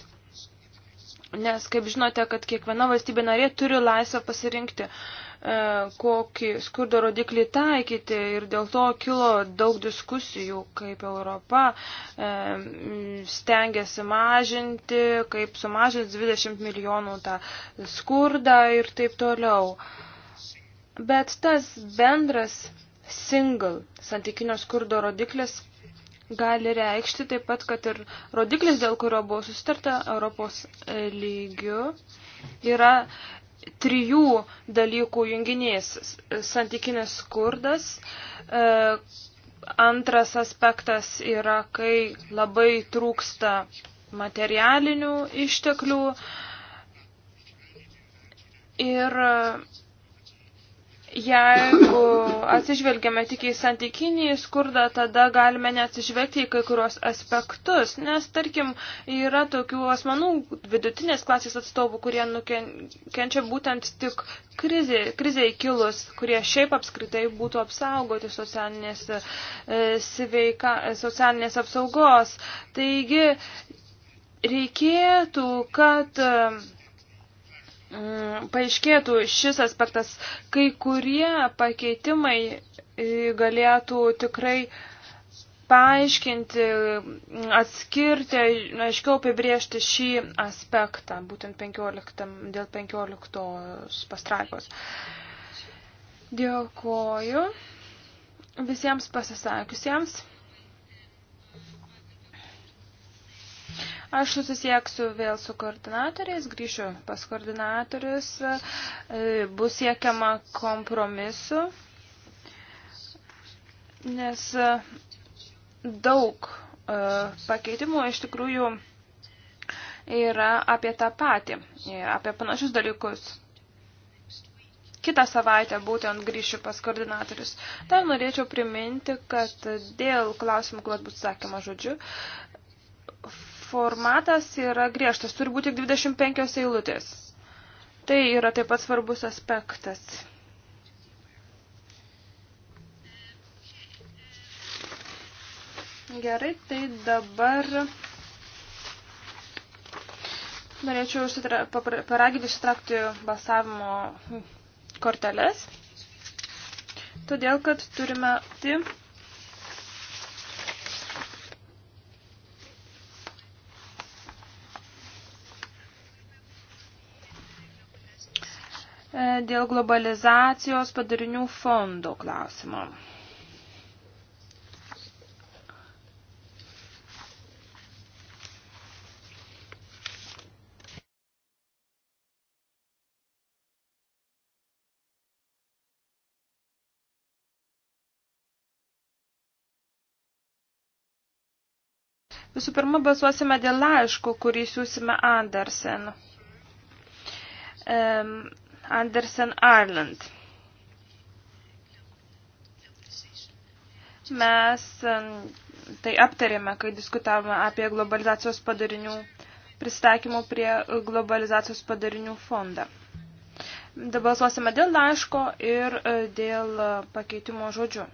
Nes, kaip žinote, kad kiekviena valstybė narė turi laisvę pasirinkti, e, kokį skurdo rodiklį taikyti ir dėl to kilo daug diskusijų, kaip Europa e, stengiasi mažinti, kaip sumažins 20 milijonų tą skurdą ir taip toliau. E, Bet tas bendras single santykinio skurdo rodiklis gali reikšti taip pat, kad ir rodiklis, dėl kurio buvo sustarta Europos e, lygių, yra trijų dalykų junginys - e, santykinis skurdas. E, antras aspektas yra, kai labai trūksta materialinių išteklių. Ir Jeigu atsižvelgiame tik į santykinį skurdą, tada galime neatsižvelgti į kai kurios aspektus, nes, tarkim, yra tokių asmenų vidutinės klasės atstovų, kurie nukenčia būtent tik krizė, krizėje kilus, kurie šiaip apskritai būtų apsaugoti socialinės, e, sveika, socialinės apsaugos. Taigi, reikėtų, kad Mm, paaiškėtų šis aspektas, kai kurie pakeitimai e, galėtų tikrai paaiškinti, mm, atskirti, aiškiau apibriežti šį aspektą, būtent 15, dėl 15 pastraipos. Dėkoju visiems pasisakiusiems. Aš susisieksiu vėl su koordinatoriais, grįšiu pas koordinatorius, e, bus siekiama kompromisu, nes daug e, pakeitimų iš tikrųjų yra apie tą patį, apie panašius dalykus. Kitą savaitę būtent grįšiu pas koordinatorius. Dar norėčiau priminti, kad dėl klausimų, kuriuos bus sakoma žodžiu, formatas yra griežtas, turi būti 25 eilutės. Tai yra taip pat svarbus aspektas. Gerai, tai dabar norėčiau užsitra... paraginti išsitraukti balsavimo korteles, todėl kad turime tai E, dėl globalizacijos padarinių fondo klausimo. Visų pirma, balsuosime dėl laiško, kurį siūsime Andersen. Um, Andersen Ireland. Mes tai aptarėme, kai diskutavome apie globalizacijos padarinių pristaikymų prie globalizacijos padarinių fondą. Dabar balsuosime dėl laiško ir e, dėl e, pakeitimo žodžių.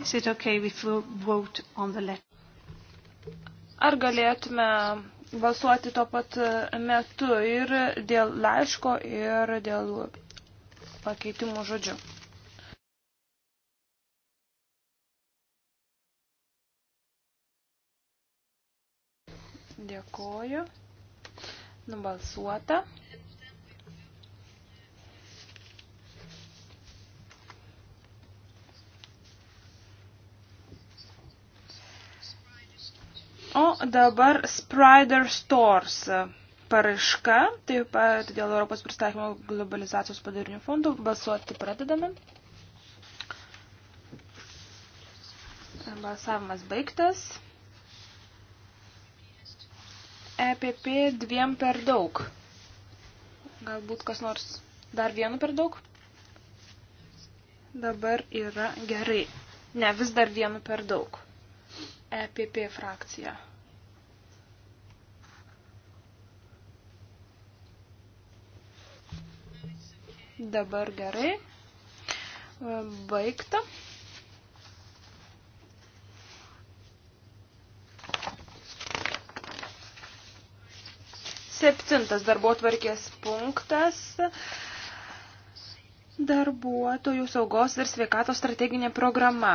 Is it okay if we vote on the letter? Ar galėtume balsuoti tuo pat e, metu ir dėl laiško, ir dėl pakeitimų žodžių? Dėkoju. Nubalsuota. O dabar Sprider Stores paraiška, taip pat dėl Europos pristatymo globalizacijos padarinių fondų. Balsuoti pradedame. Balsavimas baigtas. EPP dviem per daug. Galbūt kas nors dar vienu per daug. Dabar yra gerai. Ne, vis dar vienu per daug. EPP frakcija. Dabar gerai. Baigta. Septintas darbo tvarkės punktas darbuotojų saugos ir sveikatos strateginė programa.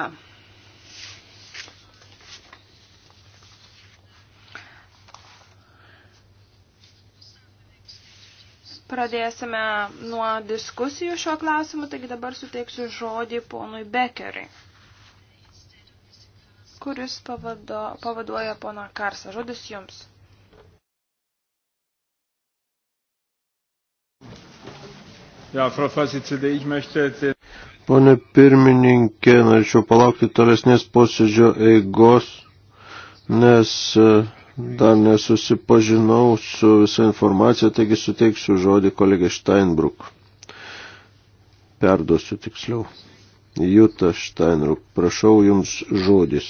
Pradėsime nuo diskusijų šiuo klausimu, taigi dabar suteiksiu žodį ponui Bekeriui, kuris pavado, pavaduoja poną Karsą. Žodis jums. Ja, Frau Vorsitzende, ich möchte den Pone pirmininkė, norėčiau palaukti tolesnės posėdžio eigos, nes dar nesusipažinau su visa informacija, taigi suteiksiu žodį kolegė Steinbruk. Perduosiu tiksliau. Juta Steinbruk, prašau jums žodis.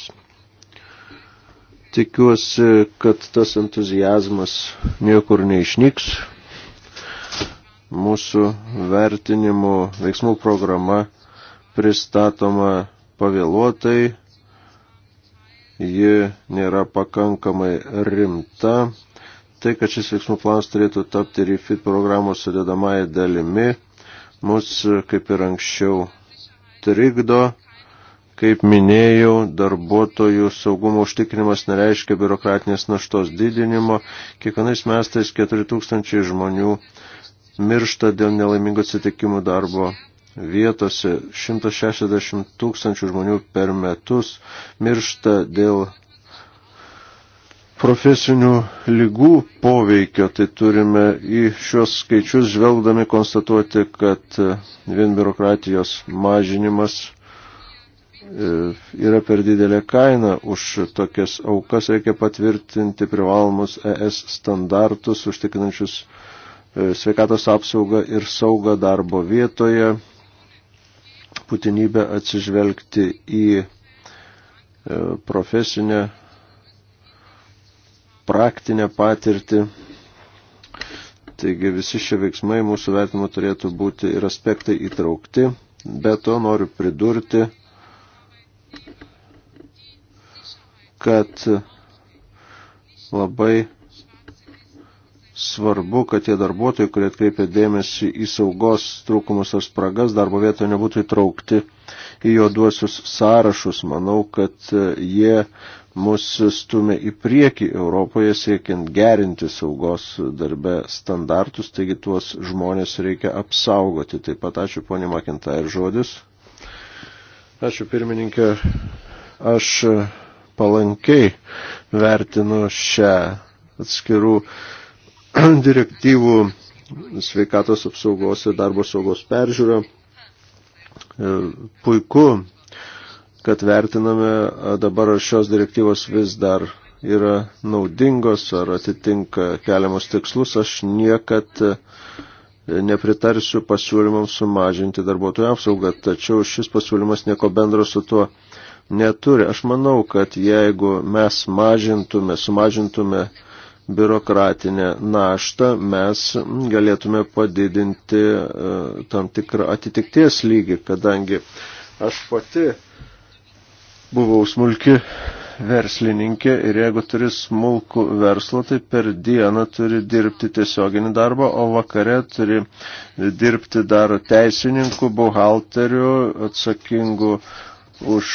Tikiuosi, kad tas entuzijazmas niekur neišnyks. Mūsų vertinimo veiksmų programa pristatoma pavėluotai ji nėra pakankamai rimta. Tai, kad šis veiksmų planas turėtų tapti REFIT programos sudėdamąją dalimi, mus kaip ir anksčiau trikdo. Kaip minėjau, darbuotojų saugumo užtikrinimas nereiškia biurokratinės naštos didinimo. Kiekvienais mestais 4000 žmonių miršta dėl nelaimingų atsitikimų darbo vietose 160 tūkstančių žmonių per metus miršta dėl profesinių lygų poveikio, tai turime į šios skaičius žvelgdami konstatuoti, kad e, vien biurokratijos mažinimas e, yra per didelė kaina už tokias aukas, reikia patvirtinti privalomus ES standartus, užtikrinančius e, sveikatos apsaugą ir saugą darbo vietoje, būtinybę atsižvelgti į e, profesinę, praktinę patirtį. Taigi visi šie veiksmai mūsų vertimo turėtų būti ir aspektai įtraukti. Be to noriu pridurti, kad labai svarbu, kad tie darbuotojai, kurie atkreipia dėmesį į saugos trūkumus ar spragas, darbo vietoje nebūtų įtraukti į juoduosius sąrašus. Manau, kad e, jie mus stumia į priekį Europoje siekiant gerinti saugos darbe standartus, taigi tuos žmonės reikia apsaugoti. Taip pat ačiū ponė Makinta ir žodis. Ačiū pirmininkė. Aš e, palankiai vertinu šią atskirų direktyvų sveikatos apsaugos ir darbo saugos peržiūra. E, puiku, kad vertiname dabar ar šios direktyvos vis dar yra naudingos ar atitinka keliamus tikslus. Aš niekad e, nepritarsiu pasiūlymams sumažinti darbuotojų apsaugą, tačiau šis pasiūlymas nieko bendro su tuo neturi. Aš manau, kad jeigu mes mažintume, sumažintume biurokratinę naštą, mes galėtume padidinti e, tam tikrą atitikties lygį, kadangi aš pati buvau smulki verslininkė ir jeigu turi smulkų verslą, tai per dieną turi dirbti tiesioginį darbą, o vakare turi dirbti dar teisininku, buhalteriu, atsakingu už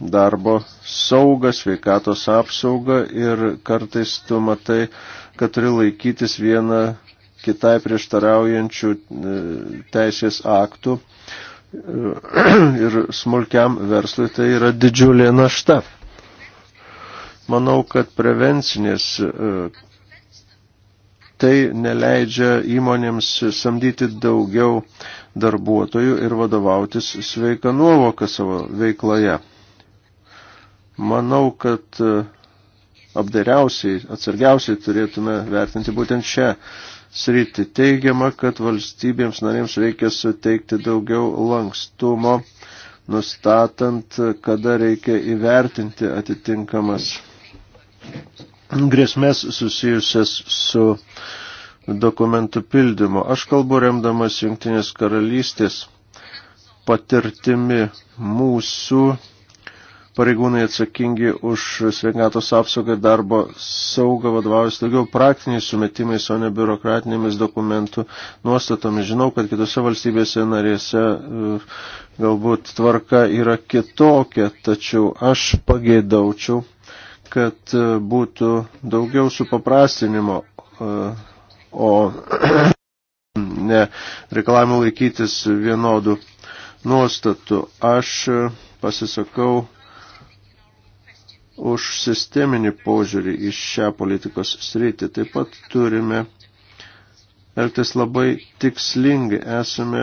darbo saugą, sveikatos apsaugą ir kartais tu matai, kad turi laikytis vieną kitai prieštaraujančių e, teisės aktų ir smulkiam verslui tai yra didžiulė našta. Manau, kad prevencinės e, tai neleidžia įmonėms samdyti daugiau darbuotojų ir vadovautis sveika nuovoka savo veikloje. Manau, kad e, apdairiausiai, atsargiausiai turėtume vertinti būtent šią sritį. Teigiama, kad valstybėms narėms reikia suteikti daugiau lankstumo, nustatant, kada reikia įvertinti atitinkamas grėsmės susijusias su dokumentų pildymu. Aš kalbu remdamas Junktinės karalystės patirtimi mūsų pareigūnai atsakingi už sveikatos apsaugą ir darbo saugą vadovaujasi daugiau praktiniais sumetimais, o ne biurokratinėmis dokumentų nuostatomis. Žinau, kad kitose valstybėse narėse e, galbūt tvarka yra kitokia, tačiau aš pagėdaučiau, kad e, būtų daugiau supaprastinimo, e, o ne reikalavimų laikytis vienodų nuostatų. Aš pasisakau už sisteminį požiūrį į šią politikos sritį. Taip pat turime elgtis labai tikslingai. Esame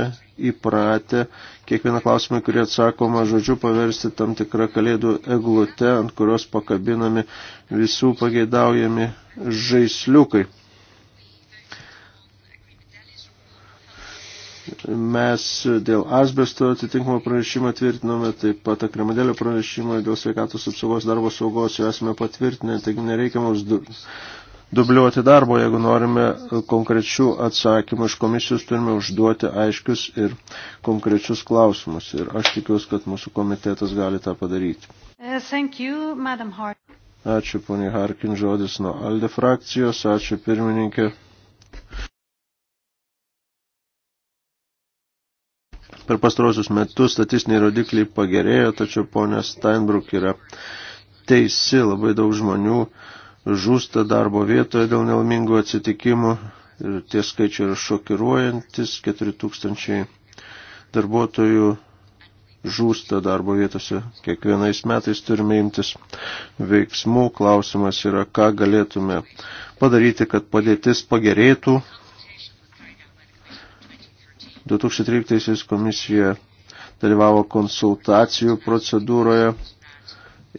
įpratę kiekvieną klausimą, kurį atsakoma žodžiu, paversti tam tikrą kalėdų eglutę, ant kurios pakabinami visų pageidaujami žaisliukai. Mes dėl asbesto atitinkamą pranešimą tvirtinome, taip pat akrimadėlio pranešimą dėl sveikatos apsaugos darbo saugos jau esame patvirtinę, taigi nereikia mums du, dubliuoti darbo, jeigu norime konkrečių atsakymų iš komisijos, turime užduoti aiškius ir konkrečius klausimus. Ir aš tikiuosi, kad mūsų komitetas gali tą padaryti. Uh, thank you, Madam Hart. Ačiū, ponė Harkin, žodis nuo Alde frakcijos. Ačiū, pirmininkė. Per pastarosius metus statistiniai rodikliai pagerėjo, tačiau ponė Steinbrück yra teisi, labai daug žmonių žūsta darbo vietoje dėl nelmingų atsitikimų ir tie skaičiai yra šokiruojantis, 4000 darbuotojų žūsta darbo vietose. Kiekvienais metais turime imtis veiksmų. Klausimas yra, ką galėtume padaryti, kad padėtis pagerėtų 2013 komisija dalyvavo konsultacijų procedūroje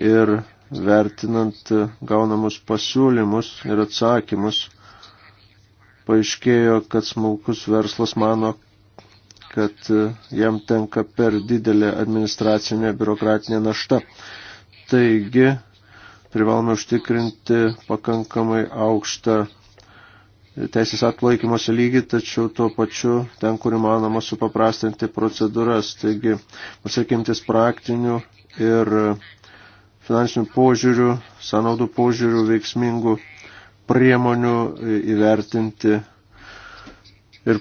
ir vertinant gaunamus pasiūlymus ir atsakymus, paaiškėjo, kad smulkus verslas mano, kad jam tenka per didelė administracinė biurokratinė našta. Taigi, privalome užtikrinti pakankamai aukštą teisės aktų laikymosi lygį, tačiau tuo pačiu ten, kur įmanoma, supaprastinti procedūras. Taigi, pasakymtis praktinių ir finansinių požiūrių, sąnaudų požiūrių, veiksmingų priemonių įvertinti ir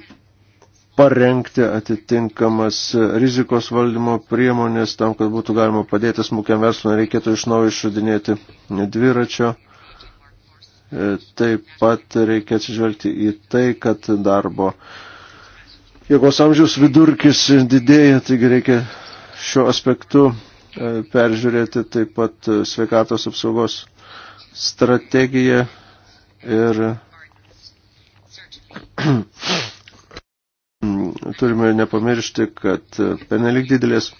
parengti atitinkamas rizikos valdymo priemonės tam, kad būtų galima padėti smūkiam verslui, nereikėtų iš naujo išradinėti dviračio E, taip pat reikia atsižvelgti į tai, kad darbo jėgos amžiaus vidurkis didėja, taigi reikia šiuo aspektu e, peržiūrėti taip pat e, sveikatos apsaugos strategiją ir turime nepamiršti, kad penelik didelės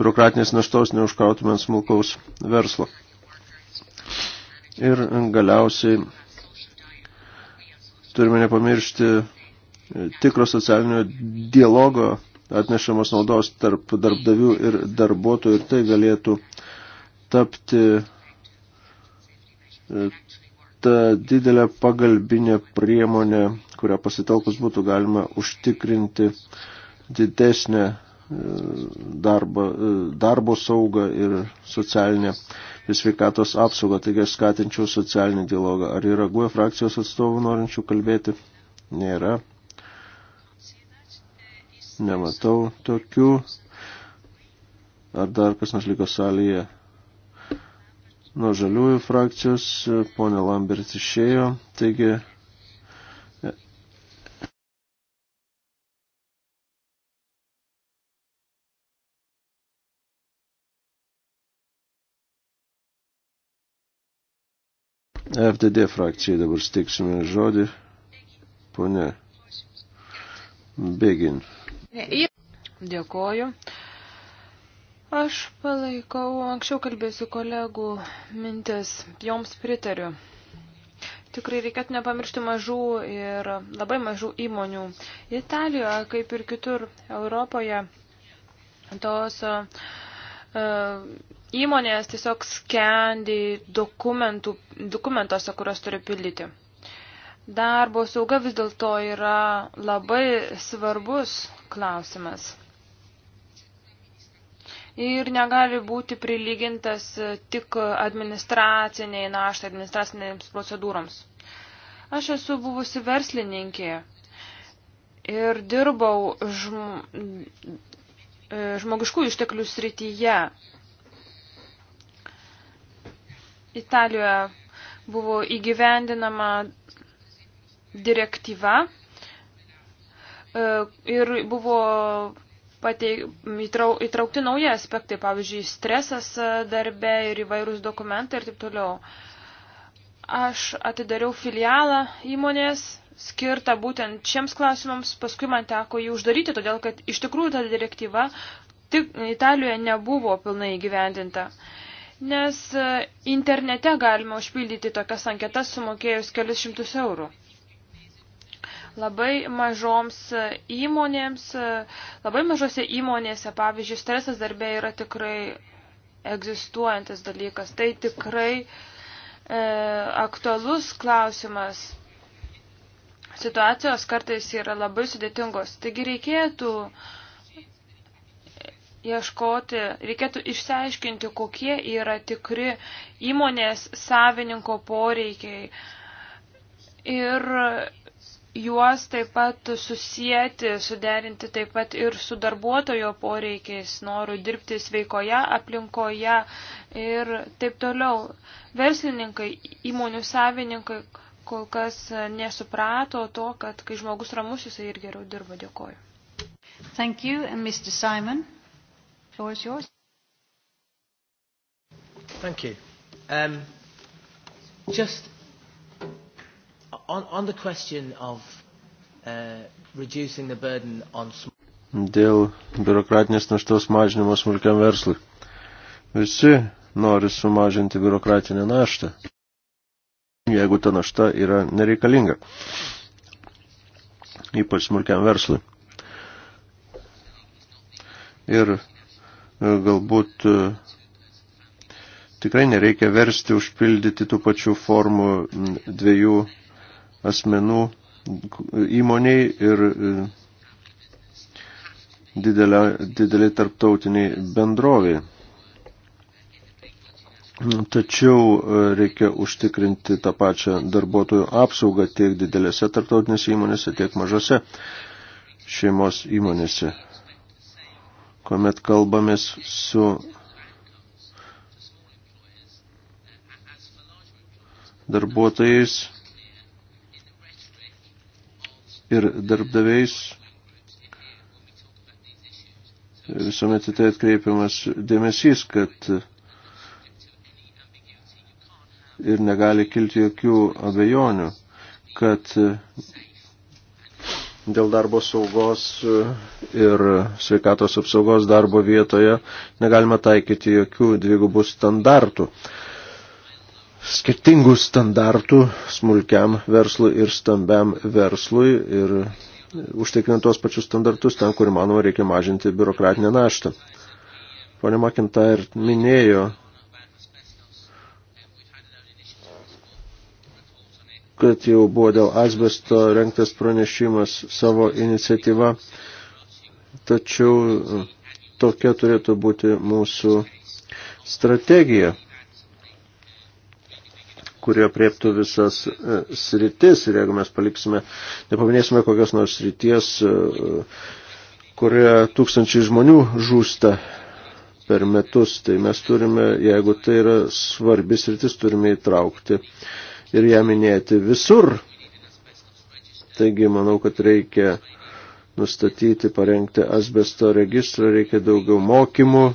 biurokratinės naštos neužkrautume ant smulkaus verslo. Ir galiausiai turime nepamiršti e, tikro socialinio dialogo atnešamos naudos tarp darbdavių ir darbuotojų ir tai galėtų tapti e, ta didelė pagalbinė priemonė, kurią pasitelkus būtų galima užtikrinti didesnę darbo, darbo saugą ir socialinę sveikatos apsaugą. Taigi aš skatinčiau socialinį dialogą. Ar yra GUE frakcijos atstovų norinčių kalbėti? Nėra. Nematau tokių. Ar dar kas nors liko salėje? Nuo žaliųjų frakcijos e, ponė Lambert išėjo. Taigi FDD frakcijai dabar steiksime žodį. Pone Begin. Dėkoju. Aš palaikau anksčiau kalbėsiu kolegų mintis, joms pritariu. Tikrai reikėtų nepamiršti mažų ir labai mažų įmonių. Italijoje, kaip ir kitur Europoje, tos uh, įmonės tiesiog skendi dokumentuose, kurios turi pildyti. Darbo sauga vis dėlto yra labai svarbus klausimas. Ir negali būti prilygintas tik administraciniai naštai, administracinėms procedūroms. Aš esu buvusi verslininkė ir dirbau žm... žmogiškų išteklių srityje. Italijoje buvo įgyvendinama direktyva e, ir buvo pateik, įtraukti nauji aspektai, pavyzdžiui, stresas e, darbe ir įvairūs dokumentai ir taip toliau. Aš atidariau filialą įmonės skirtą būtent šiems klausimams, paskui man teko jį uždaryti, todėl kad iš tikrųjų ta direktyva tik Italijoje nebuvo pilnai įgyvendinta. Uh, nes e, internete galima užpildyti tokias anketas sumokėjus kelius šimtus eurų. Labai mažoms e, įmonėms, e, labai mažose įmonėse, pavyzdžiui, stresas darbė yra tikrai egzistuojantis dalykas. Tai tikrai e, aktualus klausimas. Situacijos kartais yra labai sudėtingos. Taigi reikėtų e, ieškoti, reikėtų išsiaiškinti, kokie yra tikri įmonės savininko poreikiai ir juos taip pat susijęti, suderinti taip pat ir su darbuotojo poreikiais, noriu dirbti sveikoje aplinkoje ir taip toliau. Verslininkai, įmonių savininkai kol kas nesuprato to, kad kai žmogus ramus, jisai ir geriau dirba. Dėkoju. Thank you, and Mr. Simon floor is yours. Thank you. Um, just on, on the question of uh, reducing the burden on small dėl biurokratinės naštos mažinimo smulkiam verslui. Visi nori sumažinti biurokratinę naštą, jeigu ta našta yra nereikalinga, ypač smulkiam verslui. Ir E, galbūt e, tikrai nereikia versti užpildyti tų pačių formų dviejų asmenų įmoniai ir e, dideliai tarptautiniai bendroviai. Tačiau reikia užtikrinti tą pačią darbuotojų apsaugą tiek didelėse tarptautinėse įmonėse, tiek mažose šeimos įmonėse kuomet kalbamės su darbuotojais ir darbdaviais. Visuomet į tai atkreipiamas dėmesys, kad ir negali kilti jokių abejonių, kad dėl darbo saugos e, ir sveikatos apsaugos darbo vietoje negalima taikyti jokių dvigubų standartų. Skirtingų standartų smulkiam verslui ir stambiam verslui ir užtikrinant tos pačius standartus ten, kur įmanoma, reikia mažinti biurokratinę naštą. Pone Makinta ir minėjo kad jau buvo dėl asbesto renktas pranešimas savo iniciatyva, tačiau e, tokia turėtų būti mūsų strategija, kurie prieptų visas e, sritis ir jeigu mes paliksime, nepaminėsime kokios nors srities, e, kurioje tūkstančiai žmonių žūsta per metus, tai mes turime, jeigu tai yra svarbis rytis, turime įtraukti uh, ir ją minėti visur. Taigi manau, kad reikia nustatyti, parengti asbesto registrą, reikia daugiau mokymų.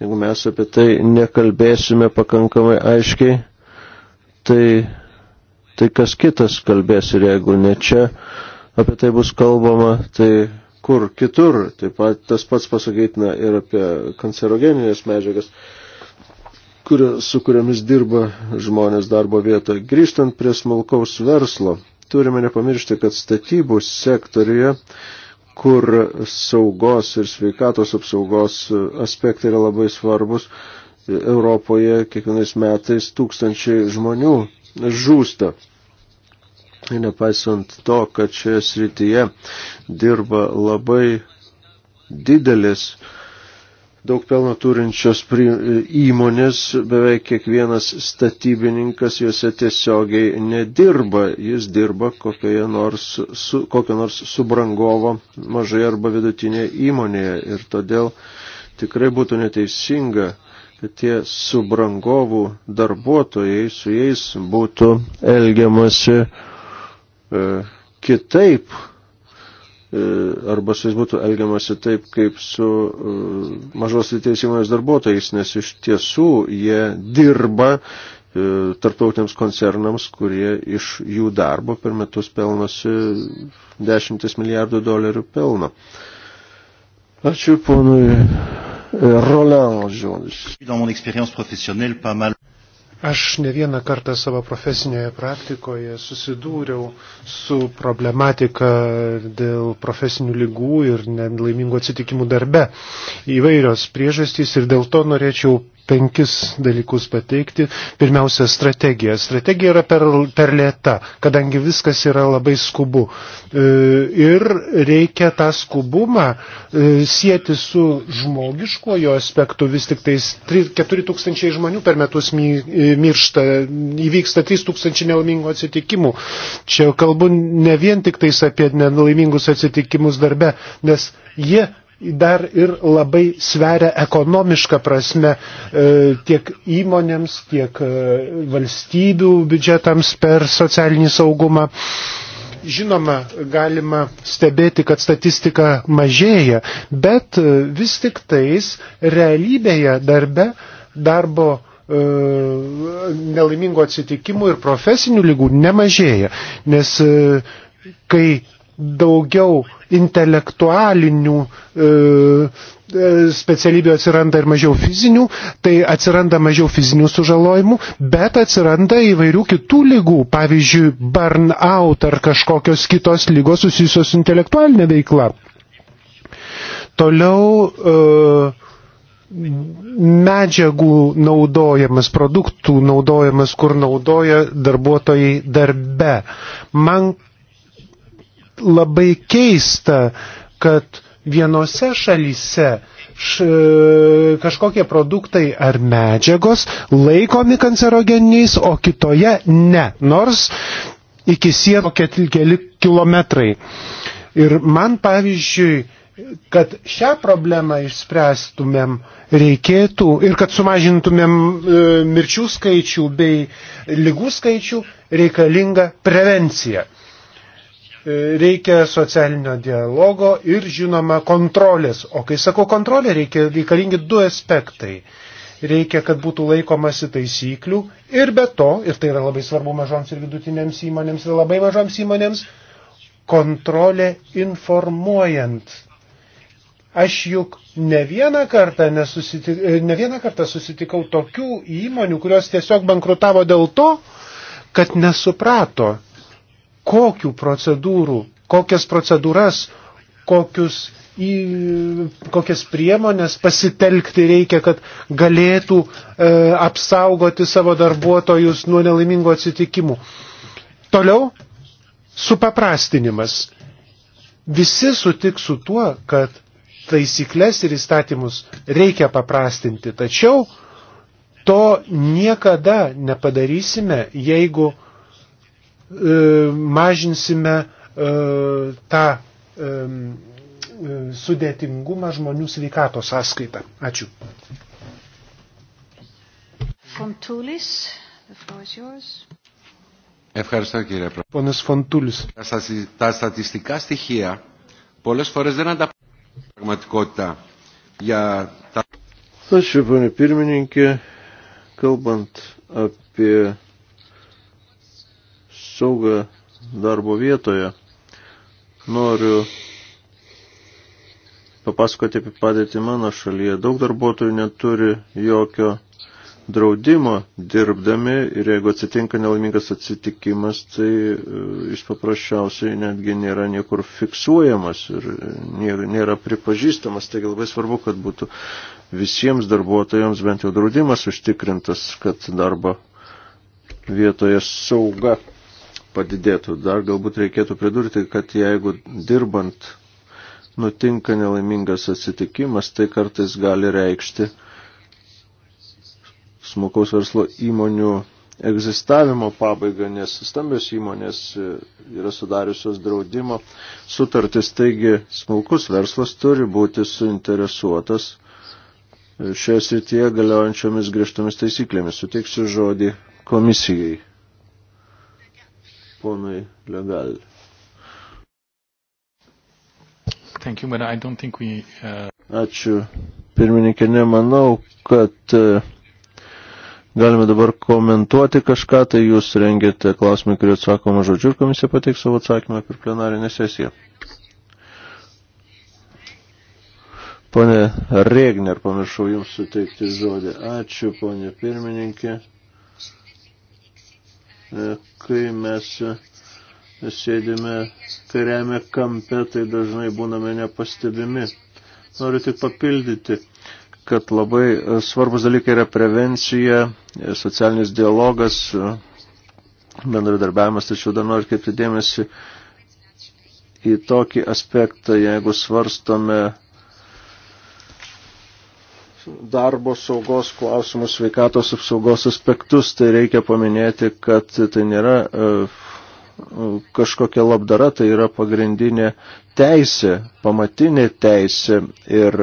Jeigu mes apie tai nekalbėsime pakankamai aiškiai, tai, tai kas kitas kalbės ir jeigu ne čia apie tai bus kalbama, tai kur kitur. Taip pat tas pats pasakytina ir apie kancerogeninės medžiagas kur, su kuriomis dirba žmonės darbo vietoje. Grįžtant prie smulkaus verslo, turime nepamiršti, kad statybų sektorija, kur saugos ir sveikatos apsaugos aspektai yra labai svarbus, Europoje kiekvienais metais tūkstančiai žmonių žūsta. Nepaisant to, kad šioje srityje dirba labai didelis uh, daug pelno turinčios e, įmonės, beveik kiekvienas statybininkas juose tiesiogiai nedirba, jis dirba nors, su, kokio nors subrangovo mažai arba vidutinėje įmonėje ir todėl tikrai būtų neteisinga, kad tie subrangovų darbuotojai su jais būtų elgiamasi e, kitaip E, arba su jais būtų elgiamasi taip, kaip su e, mažos lyties įmonės darbuotojais, nes iš tiesų jie dirba e, tarptautiniams koncernams, kurie iš jų darbo per metus pelnosi dešimtis milijardų dolerių pelno. Ačiū ponui Roland žodis. Aš ne vieną kartą savo profesinėje praktikoje susidūriau su problematika dėl profesinių lygų ir nelaimingų atsitikimų darbe. Įvairios priežastys ir dėl to norėčiau penkis dalykus pateikti. Pirmiausia, strategija. Strategija yra per, per lėta, kadangi viskas yra labai skubu. E, ir reikia tą skubumą e, sieti su žmogiškojo aspektu. Vis tik tais 4 tūkstančiai žmonių per metus e, miršta, įvyksta 3 tūkstančiai nelaimingų atsitikimų. Čia kalbu ne vien tik tais apie nelaimingus atsitikimus darbe, nes jie dar ir labai sveria ekonomišką prasme e, tiek įmonėms, tiek e, valstybių biudžetams per socialinį saugumą. Žinoma, galima stebėti, kad statistika mažėja, bet e, vis tik tais realybėje darbe darbo nelaimingų atsitikimų ir profesinių lygų nemažėja, nes kai daugiau intelektualinių e, e, specialybių atsiranda ir mažiau fizinių, tai atsiranda mažiau fizinių sužalojimų, bet atsiranda įvairių kitų lygų, pavyzdžiui, burnout ar kažkokios kitos lygos susijusios su intelektualinė veikla. Toliau e, medžiagų naudojamas, produktų naudojamas, kur naudoja darbuotojai darbe. Man labai keista, kad vienose šalyse š, kažkokie produktai ar medžiagos laikomi kancerogeniais, o kitoje ne, nors iki sienų keli kilometrai. Ir man pavyzdžiui, kad šią problemą išspręstumėm reikėtų ir kad sumažintumėm e, mirčių skaičių bei lygų skaičių reikalinga prevencija. E, reikia socialinio dialogo ir žinoma kontrolės. O kai sakau kontrolė, reikia, reikalingi du aspektai. Reikia, kad būtų laikomasi taisyklių ir be to, ir tai yra labai svarbu mažoms ir vidutinėms įmonėms ir labai mažoms įmonėms, kontrolė informuojant. Aš juk ne vieną, kartą nesusitik, ne vieną kartą susitikau tokių įmonių, kurios tiesiog bankrutavo dėl to, kad nesuprato kokių procedūrų, kokias procedūras, kokius į kokias priemonės pasitelkti reikia, kad galėtų e, apsaugoti savo darbuotojus nuo nelaimingo atsitikimų. Toliau, supaprastinimas. Visi sutiks su tuo, kad taisyklės ir įstatymus reikia paprastinti, tačiau to niekada nepadarysime, jeigu e, E, mažinsime e, tą e, sudėtingumą žmonių sveikato sąskaitą. Ačiū. Fontulis, the floor is yours. Ευχαριστώ κύριε Πρόεδρε. Πόνες Φοντούλης. Τα στατιστικά στοιχεία πολλές φορές δεν ανταποκρίνουν πραγματικότητα για τα... Ačiū, ponė pirmininkė, kalbant apie saugą darbo vietoje. Noriu papasakoti apie padėtį mano šalyje. Daug darbuotojų neturi jokio draudimo dirbdami ir jeigu atsitinka nelaimingas atsitikimas, tai e, jis paprasčiausiai netgi nėra niekur fiksuojamas ir nėra pripažįstamas. Taigi labai svarbu, kad būtų visiems darbuotojams bent jau draudimas užtikrintas, kad darbo vietoje sauga padidėtų. Dar galbūt reikėtų pridurti, kad jeigu dirbant nutinka nelaimingas atsitikimas, tai kartais gali reikšti smukaus verslo įmonių egzistavimo pabaigą, nes stambios įmonės yra sudariusios draudimo sutartis, taigi smulkus verslas turi būti suinteresuotas šioje srityje galiojančiomis griežtomis taisyklėmis. Suteiksiu žodį komisijai ponui Legal. Thank you, but I don't think we, uh... Ačiū. Pirmininkė, nemanau, kad uh, Galime dabar komentuoti kažką, tai jūs rengėte klausimą, kurį atsakoma žodžiu ir komisija pateiks savo atsakymą per plenarinę sesiją. Pone Regner, pamiršau jums suteikti žodį. Ačiū, ponė pirmininkė. E, kai mes sėdime kariame kampe, tai dažnai būname nepastebimi. Noriu tik papildyti, kad labai svarbus dalykai yra prevencija, socialinis dialogas, bendradarbiavimas, tačiau dar noriu kaip dėmesį į tokį aspektą, jeigu svarstome darbo saugos klausimus, sveikatos apsaugos aspektus, tai reikia paminėti, kad tai nėra e, kažkokia labdara, tai yra pagrindinė teisė, pamatinė teisė ir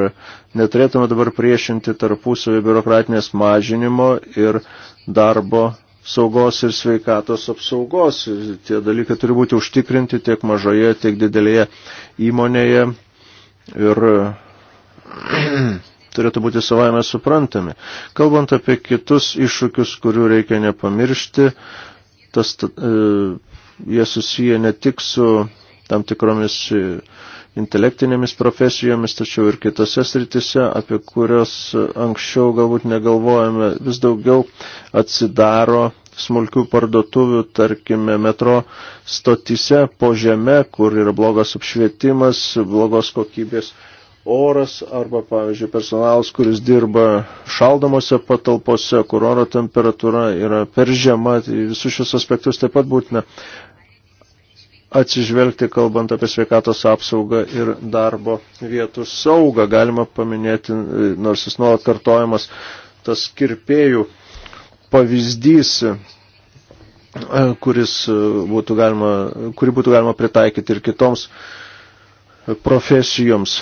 neturėtume dabar priešinti tarpusavį biurokratinės mažinimo ir darbo saugos ir sveikatos apsaugos. Tie dalykai turi būti užtikrinti tiek mažoje, tiek didelėje įmonėje ir turėtų būti savame suprantami. Kalbant apie kitus iššūkius, kurių reikia nepamiršti, tas, e, jie susiję ne tik su tam tikromis e, intelektinėmis profesijomis, tačiau ir kitose sritise, apie kurias anksčiau galbūt negalvojame, vis daugiau atsidaro smulkių parduotuvių, tarkime, metro stotise po žeme, kur yra blogas apšvietimas, blogos kokybės oras arba, pavyzdžiui, personalas, kuris dirba šaldomose patalpose, kur oro temperatūra yra per žema, tai visus šios aspektus taip pat būtina atsižvelgti, kalbant apie sveikatos apsaugą ir darbo vietų saugą. Galima paminėti, nors jis nuolat kartojamas, tas kirpėjų pavyzdys, kuris būtų galima, kurį būtų galima pritaikyti ir kitoms profesijoms.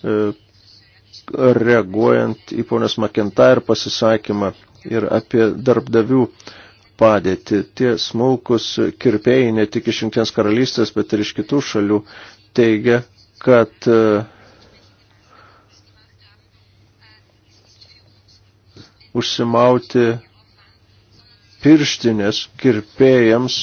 E, reaguojant į ponios Makentą ir pasisakymą ir apie darbdavių padėtį. Tie smulkus kirpėjai ne tik iš Junktinės karalystės, bet ir iš kitų šalių teigia, kad e, užsimauti pirštinės kirpėjams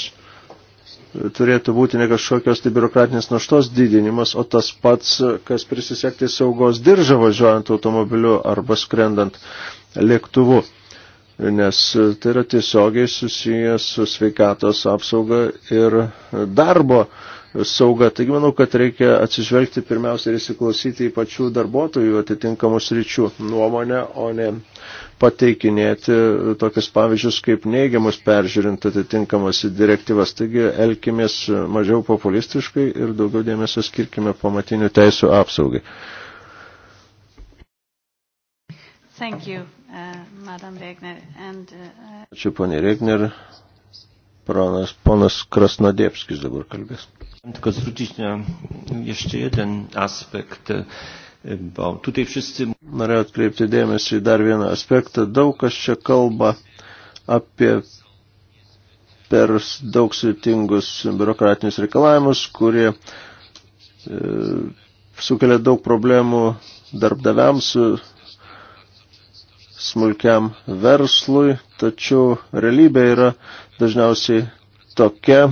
turėtų būti ne kažkokios tai biurokratinės naštos didinimas, o tas pats, kas prisisekti saugos diržą važiuojant automobiliu arba skrendant lėktuvu. Nes tai yra tiesiogiai susijęs su sveikatos apsauga ir darbo uh, saugą. Taigi manau, kad reikia atsižvelgti pirmiausia ir įsiklausyti į pačių darbuotojų atitinkamus ryčių nuomonę, o ne pateikinėti tokius pavyzdžius kaip neigiamus peržiūrint atitinkamas direktyvas. Taigi elkimės mažiau populistiškai ir daugiau dėmesio skirkime pamatinių teisų apsaugai. Thank you, uh, Madam Regner. And, uh, uh Ačiū, ponė Regner. Pranas, ponas Krasnodėpskis dabar kalbės. Tylko zwrócić na jeszcze jeden aspekt, e, bo tutaj wszyscy... Norėjau atkreipti dėmesį į dar vieną aspektą. Daug kas čia kalba apie per daug sudėtingus biurokratinius reikalavimus, kurie e, sukelia daug problemų darbdaviams, smulkiam verslui, tačiau realybė yra dažniausiai tokia,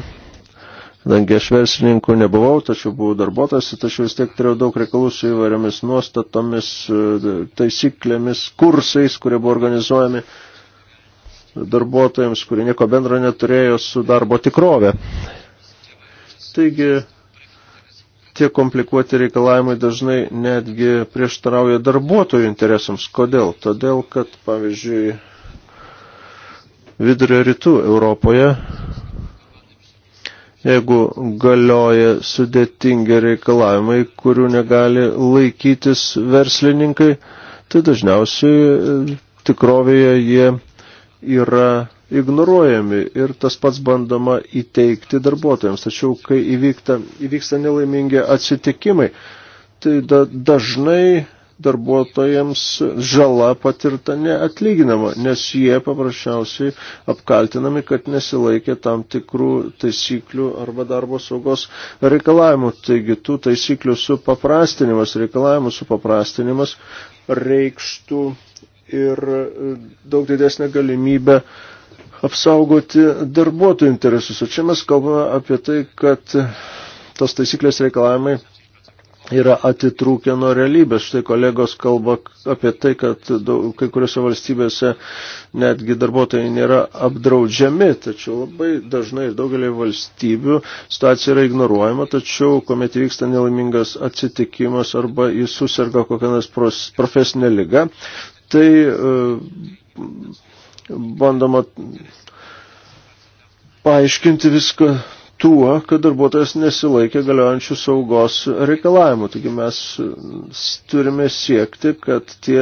Kadangi aš versininku nebuvau, tačiau buvau darbuotojas, tačiau vis tiek turėjau daug reikalų su įvairiomis nuostatomis, e, taisyklėmis, kursais, kurie buvo organizuojami darbuotojams, kurie nieko bendro neturėjo su darbo tikrovė. Taigi tie komplikuoti reikalavimai dažnai netgi prieštarauja darbuotojų interesams. Kodėl? Todėl, kad, pavyzdžiui, vidurio rytų Europoje jeigu galioja sudėtingi reikalavimai, kurių negali laikytis verslininkai, tai dažniausiai e, tikrovėje jie yra ignoruojami ir tas pats bandoma įteikti darbuotojams. Tačiau, kai įvykta, įvyksta nelaimingi atsitikimai, tai da, dažnai darbuotojams žala patirta neatlyginama, nes jie paprasčiausiai apkaltinami, kad nesilaikė tam tikrų taisyklių arba darbo saugos reikalavimų. Taigi tų taisyklių supaprastinimas, reikalavimų supaprastinimas reikštų ir daug didesnę galimybę apsaugoti darbuotojų interesus. O čia mes kalbame apie tai, kad tos taisyklės reikalavimai yra atitrūkę nuo realybės. Štai kolegos kalba apie tai, kad daug, kai kuriuose valstybėse netgi darbuotojai nėra apdraudžiami, tačiau labai dažnai ir daugelį valstybių situacija yra ignoruojama, tačiau kuomet vyksta nelaimingas atsitikimas arba jis susirga kokią nors profesinę ligą, tai uh, bandoma paaiškinti viską tuo, kad darbuotojas nesilaikė galiojančių saugos reikalavimų. Taigi mes turime siekti, kad tie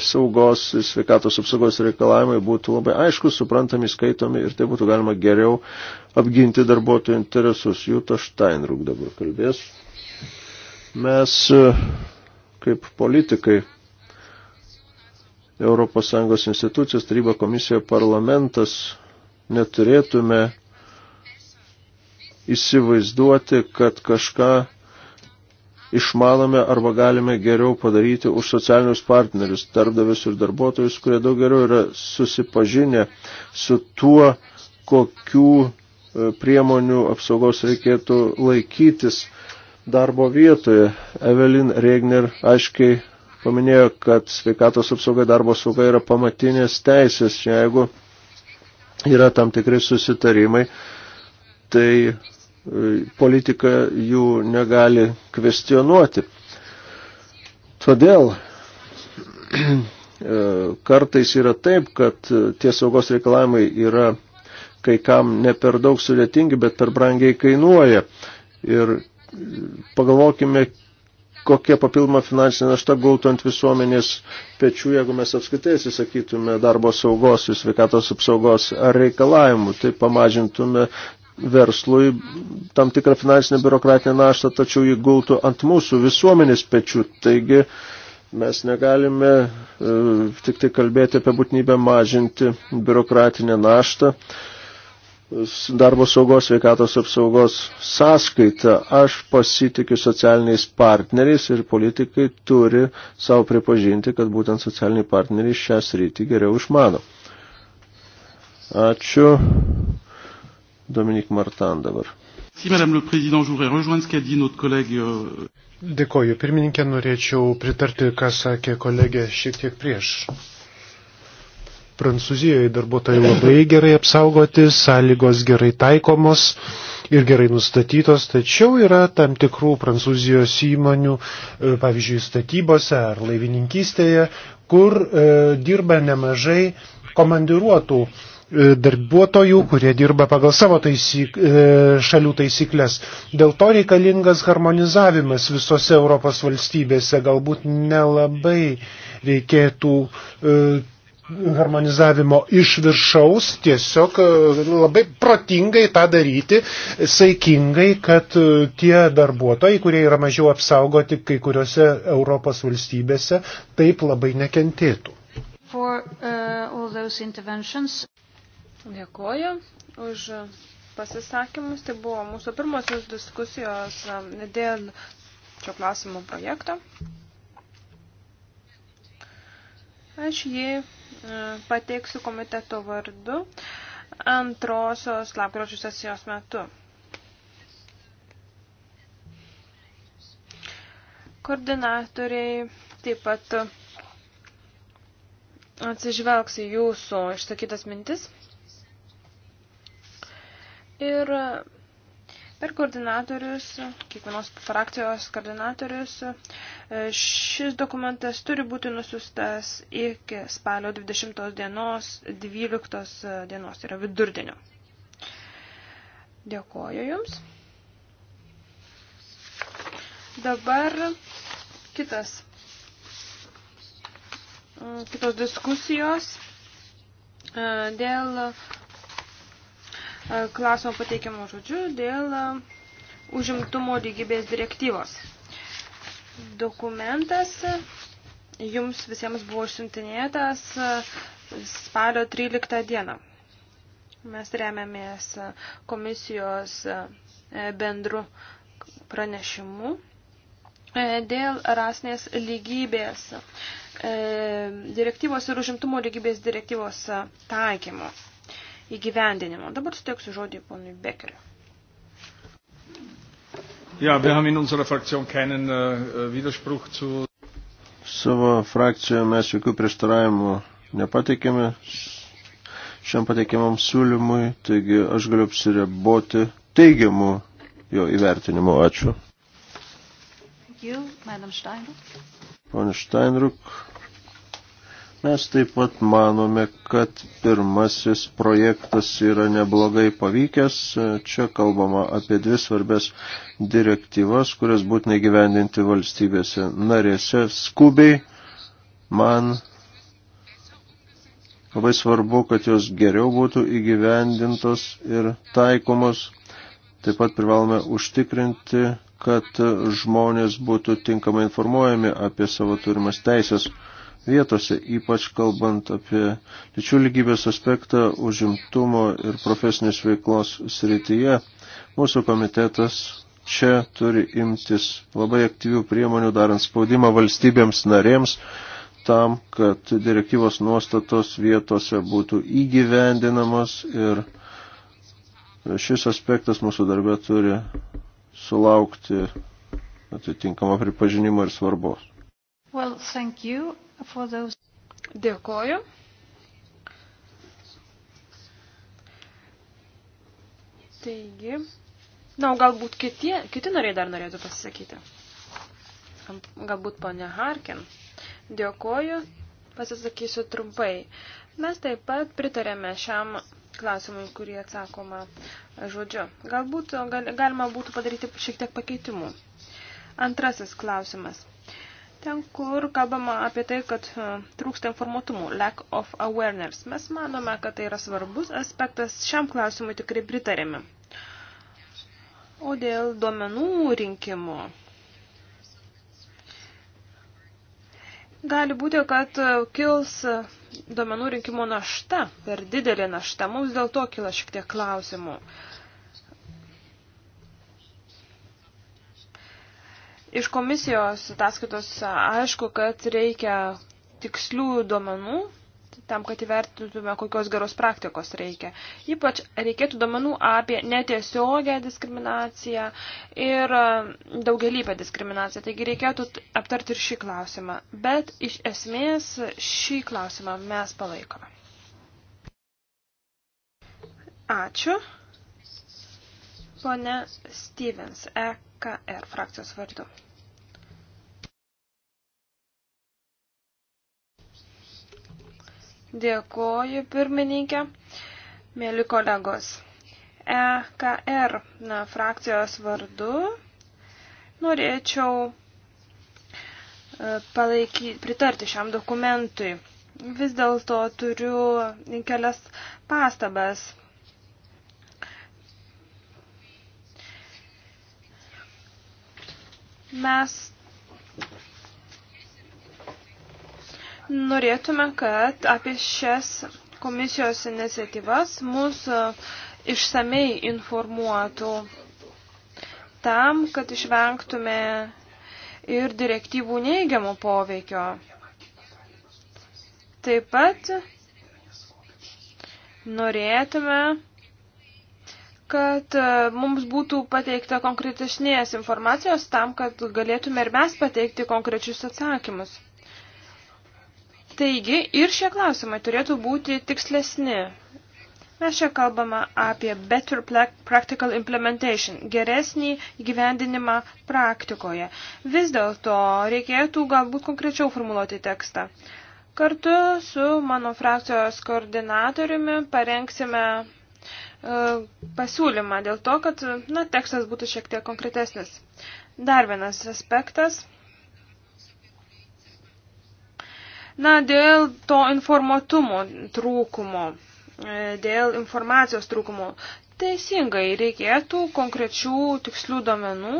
saugos sveikatos apsaugos reikalavimai būtų labai aiškus, suprantami, skaitomi ir tai būtų galima geriau apginti darbuotojų interesus. Jūta Steinruk dabar kalbės. Mes e, kaip politikai ES institucijos, taryba, komisija, parlamentas neturėtume įsivaizduoti, kad kažką išmanome arba galime geriau padaryti už socialinius partnerius, darbdavius ir darbuotojus, kurie daug geriau yra susipažinę su tuo, kokių e, priemonių apsaugos reikėtų laikytis darbo vietoje. Evelin Regner aiškiai paminėjo, kad sveikatos apsauga darbo sauga yra pamatinės teisės, jeigu yra tam tikri susitarimai, tai politika jų negali kvestionuoti. Todėl e, kartais yra taip, kad tie saugos reikalavimai yra kai kam ne per daug sudėtingi, bet per brangiai kainuoja. Ir pagalvokime, kokia papildoma finansinė našta gultų ant visuomenės pečių, jeigu mes apskaitai atsisakytume darbo saugos ir sveikatos apsaugos reikalavimų, tai pamažintume verslui tam tikrą finansinę biurokratinę naštą, tačiau jį gultų ant mūsų visuomenės pečių. Taigi mes negalime e, tik tai kalbėti apie būtinybę mažinti biurokratinę naštą darbo saugos sveikatos apsaugos sąskaita. Aš pasitikiu socialiniais partneriais ir politikai turi savo pripažinti, kad būtent socialiniai partneriai šią sritį geriau išmano. Ačiū. Dominik Martan dabar. Euh, Dėkoju. Pirmininkė, norėčiau pritarti, ką sakė kolegė šiek tiek prieš. Prancūzijoje darbuotojai labai gerai apsaugoti, sąlygos gerai taikomos ir gerai nustatytos, tačiau yra tam tikrų prancūzijos įmonių, e, pavyzdžiui, statybose ar laivininkystėje, kur e, dirba nemažai komandiruotų e, darbuotojų, kurie dirba pagal savo taisyk, e, šalių taisyklės. Dėl to reikalingas harmonizavimas visose Europos valstybėse. Galbūt nelabai reikėtų e, harmonizavimo iš viršaus, tiesiog e, labai protingai tą daryti, saikingai, kad tie darbuotojai, kurie yra mažiau apsaugoti kai kuriuose Europos valstybėse, taip labai nekentėtų for uh, all those interventions. Dėkoju už pasisakymus. Tai buvo mūsų pirmosios diskusijos um, dėl šio klausimo projekto. Aš jį e, pateiksiu komiteto vardu antrosios lapkričio sesijos metu. Koordinatoriai taip pat atsižvelgs į jūsų išsakytas mintis. Ir e, per koordinatorius, kiekvienos frakcijos koordinatorius, e, šis dokumentas turi būti nusiustas iki spalio 20 dienos, 12 e, dienos, tai yra vidurdienio. Dėkoju Jums. Dabar kitas, kitos diskusijos dėl E, klausimo pateikimo žodžiu dėl e, užimtumo lygybės direktyvos. Dokumentas jums visiems buvo išsiuntinėtas e, spalio 13 dieną. Mes remiamės komisijos bendru pranešimu dėl rasinės lygybės direktyvos ir užimtumo lygybės direktyvos taikymo įgyvendinimo. Dabar suteiksiu žodį ponui Bekeriu. Ja, wir haben in unserer Fraktion keinen äh, äh, Widerspruch zu. Savo frakcijoje mes jokių prieštaravimų nepateikėme šiam pateikiamam siūlymui, taigi aš galiu apsiriboti teigiamų jo įvertinimu. Ačiū. You, Madam Steinruck. Pone Steinruck. Mes taip pat manome, kad pirmasis projektas yra neblogai pavykęs. Čia kalbama apie dvi svarbės direktyvas, kurias būtinai gyvendinti valstybėse narėse skubiai. Man labai svarbu, kad jos geriau būtų įgyvendintos ir taikomos. Taip pat privalome užtikrinti, kad žmonės būtų tinkamai informuojami apie savo turimas teisės vietose, ypač kalbant apie lyčių lygybės aspektą užimtumo ir profesinės veiklos srityje. Mūsų komitetas čia turi imtis labai aktyvių priemonių, darant spaudimą valstybėms narėms tam, kad direktyvos nuostatos vietose būtų įgyvendinamos ir šis aspektas mūsų darbė turi sulaukti atitinkamo pripažinimo ir svarbos. Well, thank you. Dėkoju. Taigi, na, galbūt kiti, kiti norėjai dar norėtų pasisakyti. Galbūt ponia Harkin. Dėkoju, pasisakysiu trumpai. Mes taip pat pritarėme šiam klausimui, kurį atsakoma žodžiu. Galbūt gal, galima būtų padaryti šiek tiek pakeitimų. Antrasis klausimas ten, kur kalbama apie tai, kad e, trūksta informatumų, lack of awareness. Mes manome, kad tai yra svarbus aspektas, šiam klausimui tikrai pritarėme. O dėl duomenų rinkimo. Gali būti, kad e, kils e, duomenų rinkimo našta, per didelė našta. Mums dėl to kila šiek tiek klausimų. Uh, Iš komisijos ataskaitos aišku, kad reikia tikslių duomenų tam, kad įvertintume, kokios geros praktikos reikia. Ypač reikėtų domenų apie netiesiogę diskriminaciją ir e, daugelybę diskriminaciją. Taigi reikėtų aptarti ir šį klausimą. Bet iš esmės šį klausimą mes palaikome. Ačiū. Pone Stevens, EK. EKR frakcijos vardu. Dėkoju, pirmininkė. Mėly kolegos, EKR na, frakcijos vardu norėčiau e, palaiky, pritarti šiam dokumentui. Vis dėlto turiu kelias pastabas Mes norėtume, kad apie šias komisijos iniciatyvas mūsų e, išsamei informuotų tam, kad išvengtume ir direktyvų neigiamo poveikio. Taip pat norėtume kad e, mums būtų pateikta konkretesnės informacijos tam, kad galėtume ir mes pateikti konkrečius atsakymus. Taigi ir šie klausimai turėtų būti tikslesni. Mes čia kalbame apie better practical implementation, geresnį gyvendinimą praktikoje. Vis dėlto reikėtų galbūt konkrečiau formuluoti tekstą. Kartu su mano frakcijos koordinatoriumi parengsime E, pasiūlymą dėl to, kad na, tekstas būtų šiek tiek konkretesnis. Dar vienas aspektas. Na, dėl to informatumo trūkumo, e, dėl informacijos trūkumo. Teisingai reikėtų konkrečių tikslių domenų.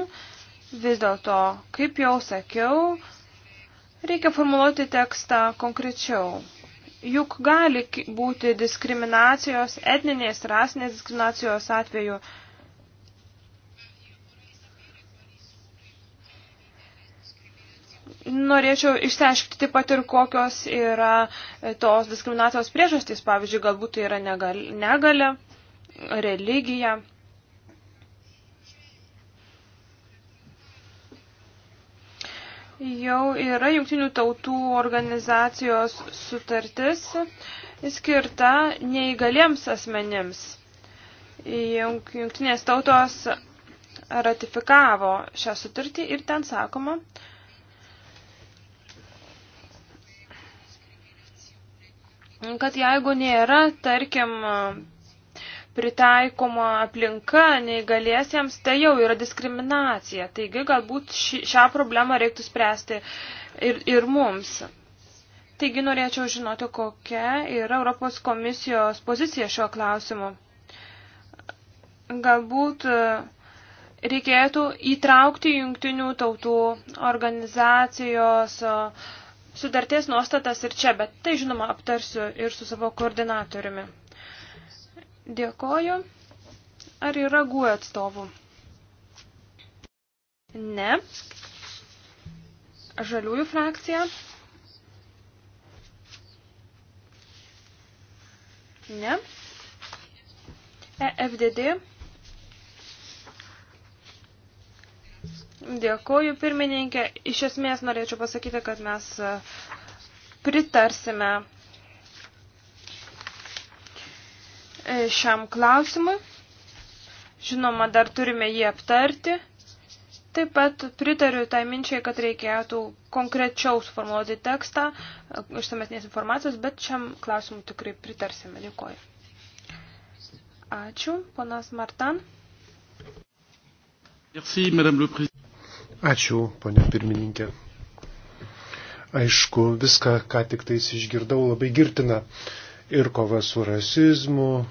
Vis dėlto, kaip jau sakiau, reikia formuluoti tekstą konkrečiau. Juk gali būti diskriminacijos, etninės, rasinės diskriminacijos atveju. Norėčiau išsiaiškinti taip pat ir kokios yra e, tos diskriminacijos priežastys. Pavyzdžiui, galbūt tai yra negal, negalė, religija. jau yra jungtinių tautų organizacijos sutartis skirta neįgaliems asmenims. Jungtinės tautos ratifikavo šią sutartį ir ten sakoma, kad jeigu nėra, tarkim, pritaikoma aplinka neįgaliesiems, tai jau yra diskriminacija. Taigi galbūt ši, šią problemą reiktų spręsti ir, ir mums. Taigi norėčiau žinoti, kokia yra Europos komisijos pozicija šiuo klausimu. Galbūt e, reikėtų įtraukti jungtinių tautų organizacijos e, sudarties nuostatas ir čia, bet tai žinoma aptarsiu ir su savo koordinatoriumi. Dėkoju. Ar yra GUE atstovų? Ne. Žaliųjų frakcija? Ne. EFDD? Dėkoju, pirmininkė. Iš esmės norėčiau pasakyti, kad mes pritarsime E, šiam klausimui. Žinoma, dar turime jį aptarti. Taip pat pritariu tai minčiai, kad reikėtų konkrečiau suformuoti tekstą, e, išsamesnės informacijos, bet šiam klausimui tikrai pritarsime. Dėkoju. Ačiū, ponas Martan. Merci, Ačiū, ponė pirmininkė. Aišku, viską, ką tik tais išgirdau, labai girtina. Uh, ir kova su rasizmu.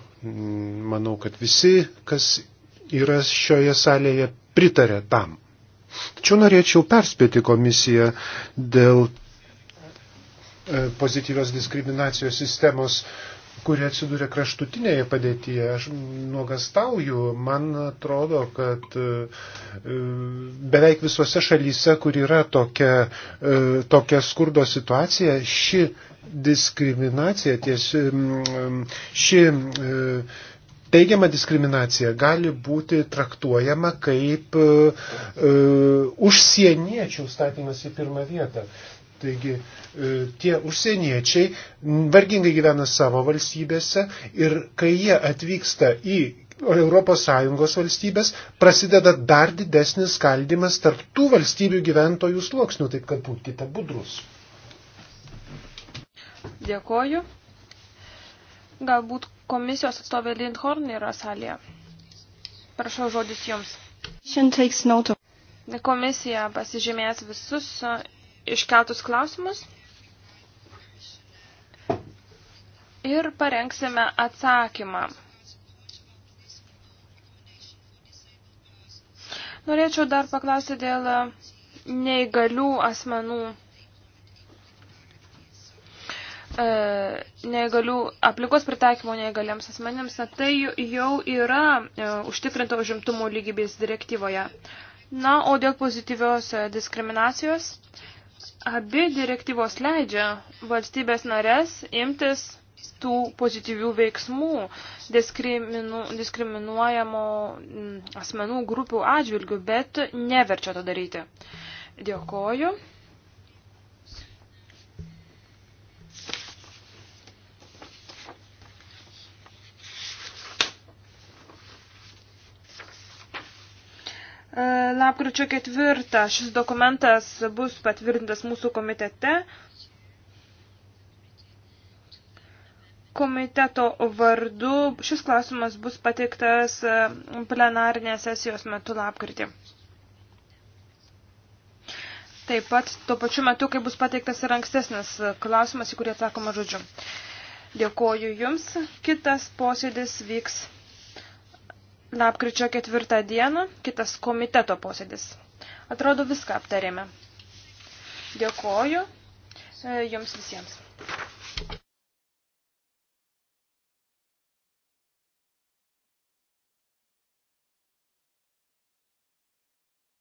Manau, kad visi, kas yra šioje salėje, pritarė tam. Tačiau norėčiau perspėti komisiją dėl e, pozityvios diskriminacijos sistemos, kurie atsiduria kraštutinėje padėtyje. Aš nuogastauju, man atrodo, kad e, e, beveik visose šalyse, kur yra tokia, tokia skurdo situacija, ši diskriminacija, ties, ši teigiama diskriminacija gali būti traktuojama kaip e, e, užsieniečių statymas į pirmą vietą. Taigi e, tie užsieniečiai vargingai gyvena savo valstybėse ir kai jie atvyksta į ES valstybės, prasideda dar didesnis skaldimas tarp tų valstybių gyventojų sluoksnių, taip kad būkite budrus. Dėkoju. Galbūt komisijos atstovė Lindhorn yra salėje. Prašau žodis jums. Komisija pasižymės visus iškeltus klausimus ir parengsime atsakymą. Norėčiau dar paklausyti dėl neįgalių asmenų E, neįgalių aplikos pritaikymo neįgaliams asmenėms, na, tai jau yra e, užtikrinta užimtumo lygybės direktyvoje. Na, o dėl pozityvios e, diskriminacijos, abi direktyvos leidžia valstybės narės imtis tų pozityvių veiksmų diskriminu, diskriminuojamo asmenų grupių atžvilgių, bet neverčia to daryti. Dėkoju. E, lapkričio ketvirtą šis dokumentas bus patvirtintas mūsų komitete. Komiteto vardu šis klausimas bus pateiktas e, plenarinės sesijos metu lapkritį. Taip pat tuo pačiu metu, kai bus pateiktas ir ankstesnis klausimas, į kurį atsakoma žodžiu. Dėkoju Jums. Kitas posėdis vyks lapkričio ketvirtą dieną kitas komiteto posėdis. Atrodo, viską aptarėme. Dėkoju e, jums visiems.